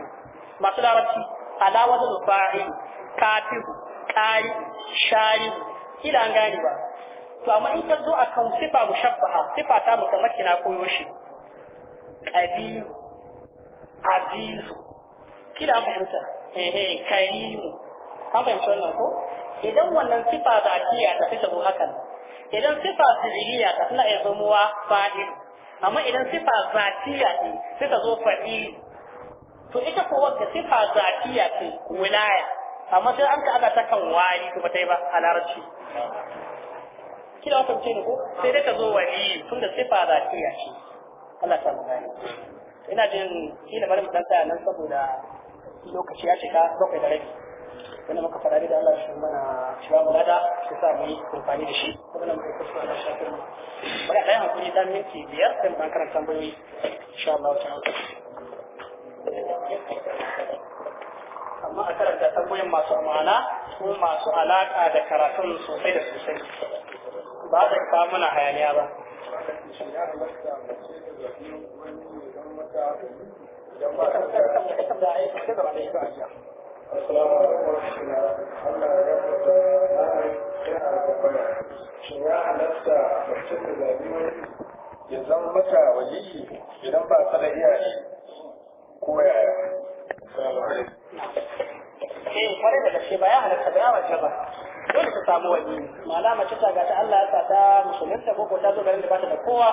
masu larabci ala wajen fa'il kafiru kari shari kila an gane ba to amma in ka zo kan sifa mushabbaha sifa ta mutamaki na koyo shi qabil aziz kila an fahimta eh eh an fahimta wannan ko idan wannan sifa zatiya ta fita zo hakan idan sifa fi'liya ta tana iya zamowa fa'il amma idan sifa zatiya ce sai ta zo fa'il to ita ko wanda sifa zatiya ce wilaya amma sai an ka ana ta kan wani kuma ta yi ba a larabci kila wata ce ne ko sai dai ka zo wani tun da sifa za ta yi shi Allah ta gani ina jin kila bari mu dan tsaya nan saboda lokaci ya cika bakwai da rabi wanda muka fara da Allah shi mana shi ba mulada shi sa mu yi amfani da shi wanda muka kusa da shi kuma bari a yi hakuri dan minti biyar sai mu dan karanta tambayoyi insha Allah ta'ala amma a karanta tambayoyin masu amana ko masu alaƙa da karatun sosai da sosai ba ta kawo mana hayaniya ba Assalamu alaikum ya zama mata idan ba ta da iyaye ko yaya. eh kwarai da gaske ba ya halatta ba ya wajaba ba dole ta samu wani mala mace ta ga ta Allah ya sa ta musulunta ko ko ta zo garin da bata da kowa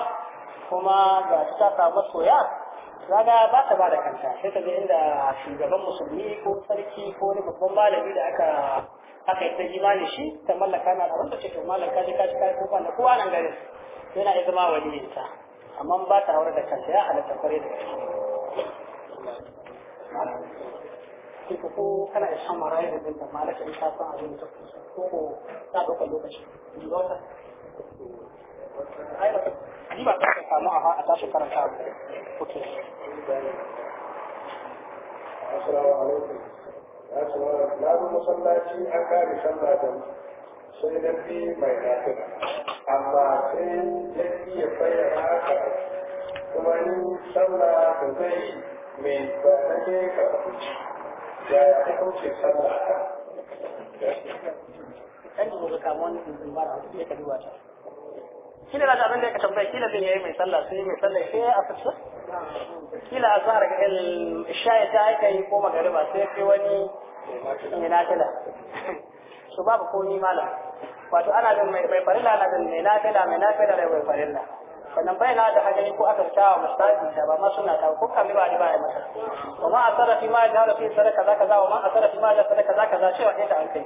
kuma ga ta samu soya kaga ba ta ba da kanta sai ta je inda shugaban musulmi ko sarki ko wani babban malami da aka aka yi ta imani shi ta mallaka na da wanda ce to ji ka ji ka kai ko ba kowa nan garin yana ya zama wani ne ta amma ba ta aure da kanta ya halatta kwarai da gaske sai ka ko kana da shan maraya da zinta ma rashin ka san abin da kake so ko ko ta ɗaukar lokaci ni ba ta ni ba ta samu a a tashi karanta ba okay assalamu na zo masallaci an kare sallah da sai na fi mai lafiya amma sai ya iya bayyana haka kuma ni sallah da zai mai ba na ke karɓi yaya hukuncin sallah a cikin kaduwa ta kila da abin da ka tambaye kila bin yayi mai sallah sai mai sallah sai a fita kila a ga el shaya ta aika yi ko magariba sai kai wani mai nafila su babu ko ni malam wato ana bin mai farilla ana bin mai nafila mai nafila da mai farilla sannan bai na da hajjani ko aka fita wa mustafi da ba ma suna ta ko kamar ba ba ya mata wa ma asara fi ma da hada fi sadaka za kaza wa ma asara fi ma da sadaka za kaza cewa ɗaya da an kai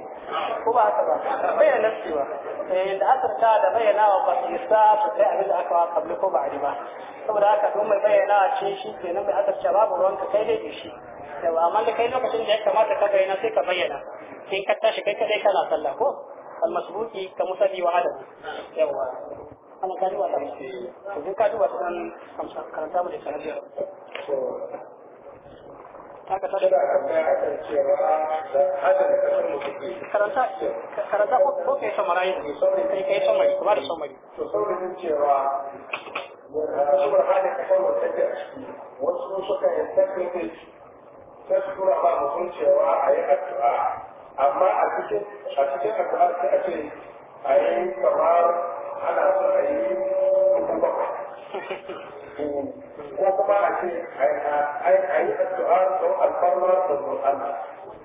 ko ba haka ba bayyana da nafsi ba eh, da asarta da bayyana wa ba su isa kai abin da aka wa kabli ko ba a ba saboda haka don mai bayyana ce shi ke kenan bai asarta babu ruwanka kai dai shi da ba amma da kai lokacin da ya kamata ka bayyana sai ka bayyana sai ka tashi kai kadai kana sallah ko al-masbuki ka musalli wa hadabu yawa ana ka duba ta to ka duba ta nan karanta mu da sanadiyar haka ta da cewa da kasar karanta karanta ko ko kai kai kai kuma da to saurin cewa saboda kasar wasu suka yi tafiye ba mutum cewa a yi addu'a amma a cikin a cikin addu'a ce a yi kamar ana son a yi mutum bakwai ko kuma a ce a yi addu'a don alfarma da Allah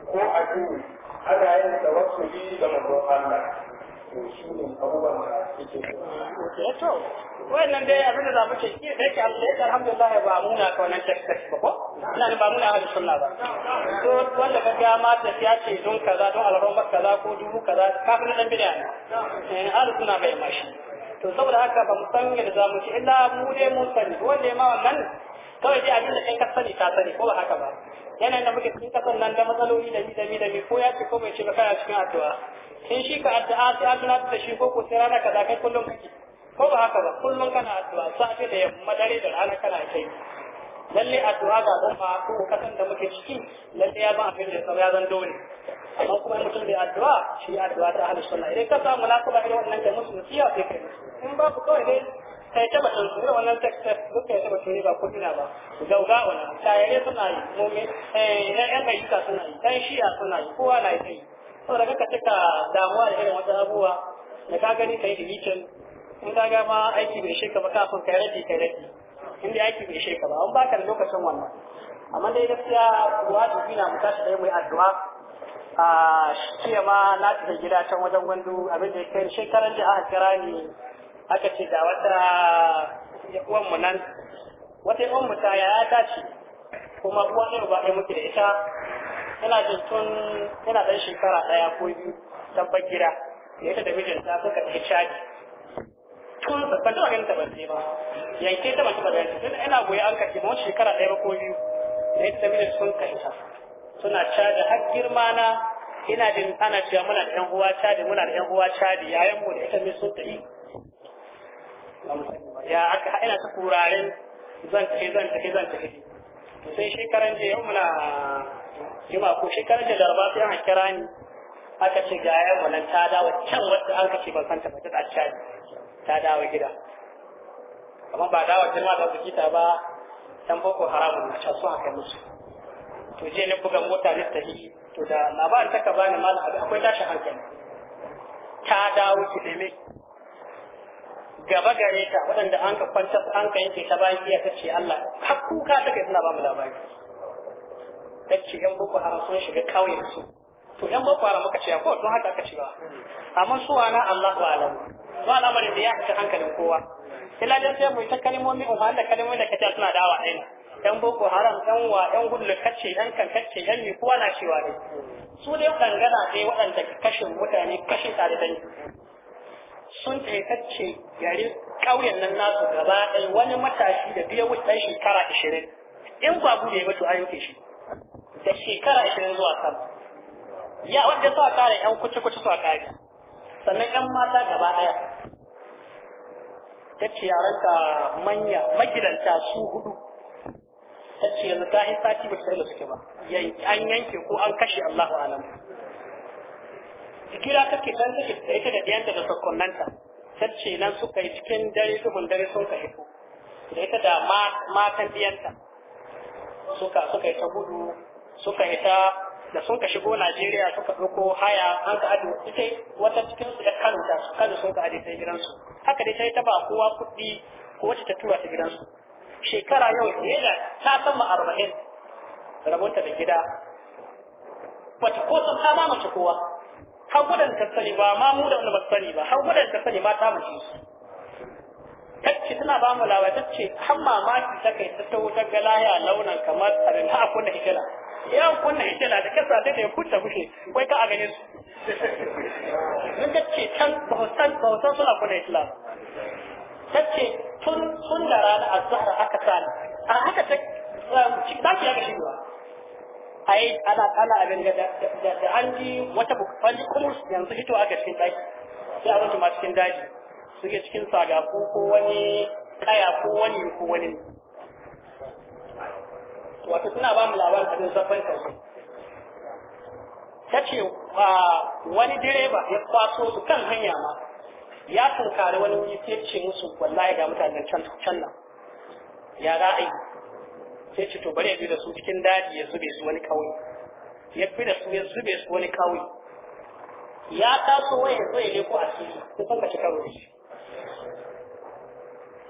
ko a ce ana yin tawassuli da manzon Allah Eh, to wannan dai abin da za mu ce ki da yake alhamdulillah alhamdulillah ba muna ka wannan tek tek ba ko ina ne ba muna ahli sunna ba to wanda ka ga ma ya ce don kaza don alhamdulillah kaza ko dubu kaza kafin dan bid'a ne eh, ahli sunna bai mashi to saboda haka ba mu san yadda za mu ci illa mu dai mun sani wanda ya ma wannan kawai dai abin da kai ka sani ka sani ko ba haka ba yanayin da muke cikin kasan nan da matsaloli da mi da mi da mi ko ya ce ko bai ce ba kana cikin addu'a in shi ka addu'a sai an tunatar da shi ko ko sai rana kaza kai kullum kake ko ba haka ba kullum kana addu'a safe da yamma dare da rana kana kai lalle addu'a ga umma ko kasan da muke ciki lalle ya ba abin da ya zan dole amma kuma mutum bai addu'a shi addu'a ta ahlus sunna idan ka samu kuma irin wannan da musu nasiha sai kai in ba ku kawai dai kai ta batun su wannan texas Duk kai taba tuni ba dina ba gauga wannan tayare suna yi mumin eh yan gaita suna yi dan shiya suna yi kowa na yi saboda kaka cika damuwa da irin wata abubuwa da ka gani ka yi dimitin in ka ga ma aiki bai sheka ba kafin ka rabi ka rabi in dai aiki bai sheka ba an ba da lokacin wannan amma dai gaskiya wajibi na mu tashi dai mu yi addu'a a shiya ma na tafi gida can wajen gwandu abin da ya kai shekaran da aka kira ni aka ce da wata uwan mu nan wata uwan mu ta yaya ta ce kuma uwan ne ba ɗaya muke da ita tana jin tun tana ɗan shekara ɗaya ko biyu tabbar gida da ita da mijinta suka ɗaya caji tun da ban taɓa ganin ta ban ba yanke ta ba ta ba tun ina goyi an kashe ba shekara ɗaya ba ko biyu da ita da mijin sun ta suna caji har girma na ina jin ana cewa muna da ƴan uwa caji muna da ƴan uwa caji yayan mu da ita mai sun tafi ya aka ina ta kurarin zan tafi zan tafi zan tafi sai shekaran jiya muna juma ko shekarar da laraba sai aka kira ni aka ce ga yayan mu nan ta dawo can wanda an kace ban ta ba ta tsaya ta dawo gida amma ba dawo ta ma da su kita ba dan boko haramun na ta so aka musu to je ne ga mota ne ta yi to da labarin ta ka bani mal akwai tashin hankali ta dawo kilime gaba gare ta waɗanda an ka kwanta an ka yanke ta bayan iya ta ce Allah har kuka ta suna ba mu labari ce yan boko haram sun shiga kauyen su to yan boko haram muka ce ko don haka aka ce ba amma su ana Allahu alam ba al'amarin da ya ka hankalin kowa illa dai sai mu ta kalmomi mu da kalmomi da kace suna dawa ɗaya yan boko haram yan wa yan gullu kace yan kan kace yan mi kowa na cewa ne su dai dangana dai waɗanda kashin mutane kashin tare da sun taitacce yare kauyen nan nasu gaba ɗaya wani matashi da biya wuce shekara ashirin in babu da ya mutu an yanke shi da shekara ashirin zuwa sama ya wanda suka kare yan kuci kuci suka kare sannan yan mata gaba daya ta ce yaranka manya magidanta su hudu ta ce yanzu ta yi sati ba sai da suke ba an yanke ko an kashe Allahu alam kira take dan take ita da diyanta da sakonnanta ta ce nan suka yi cikin dare dubun dare sun ka hito da ita da matan diyanta suka suka yi ta gudu suka yi ta da suka shigo Najeriya suka ɗauko haya an ka ado ita wata cikin su da Kano da su Kano sun ka aje ta gidansu haka dai ta yi ta ba kowa kuɗi ko wacce ta tura ta gidansu shekara yau fiye da ta sama rabon rabonta da gida wata ko sun ta mamace kowa har gudan ta sani ba ma mu da wani ba sani ba har gudan ta sani ma ta mace su tacce tana ba mu lawa tacce har mamaki ta kai ta taho ta ga laya launan kamar abin a kunna hijira ya kunna hijira da kasa da ya kuta kushe, kai ka a gane su mun tacce can ba san ba san suna kunna hijira tacce tun tun da rana azhar aka sani a haka ta um, ci ta ki ga shi ba ai ana ana abin da da an ji wata bukatar kuma yanzu hito a cikin daki sai a mutu ma cikin daji suke cikin saga ko wani kaya ko wani ko wani wato suna ba mu labarin abin zafin kansu ta ce ah, wani direba ya kwaso su kan hanya ma ya tunkari wani wuri sai ce musu wallahi ga mutanen can can nan ya ra'ayi sai ce to bari ya bi da su cikin daji ya zube su wani kauye ya bi da su ya zube su wani kauye ya taso waye zai ya a cikin kusan ka ci karo shi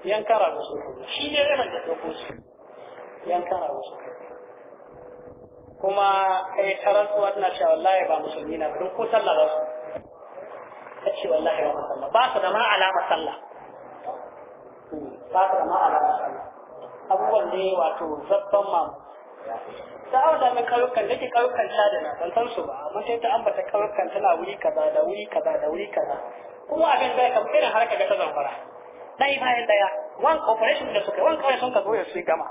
yankara musu shi ne zai da doko su yankara musu kuma kai tarar su wadda cewa wallahi ba musulmi na don ko sallah za su ta ce wallahi ba musulma ba su da ma alama sallah ba su da ma alama sallah abubuwan ne wato zabban da ta da mai karukan da ke karukan ta da na ban san su ba amma sai ta ambata karukan tana wuri kaza da wuri kaza da wuri kaza kuma abin da ya kamar irin harka ga ta zamfara dai bayan ɗaya wan operation da suka wan kawai sun ka zo su gama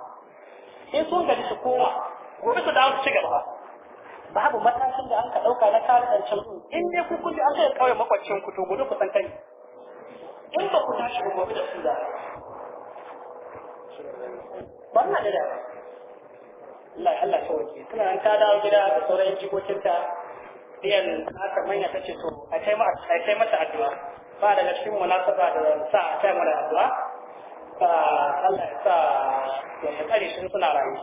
in sun gaji su koma gobe su dawo su ci gaba babu matakin da an ka ɗauka na kare ɗancin in dai ku kulle an kai kawai makwacin ku to gudu ku san kai in ba ku tashi ba gobe da su da wannan da Allah Allah sauke kana an ka dawo gida da sauran jikokinta biyan aka manya tace to a kai mata addu'a ba daga cikin munasaba da sa a kai mana addu'a Allah ya sa ya shi suna rayu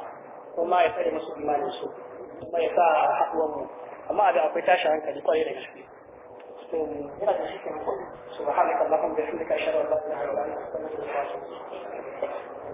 kuma ya tsare musu imanin su kuma ya sa haɗuwar mu amma abin akwai tashi hankali kwarai da gaske ina da shi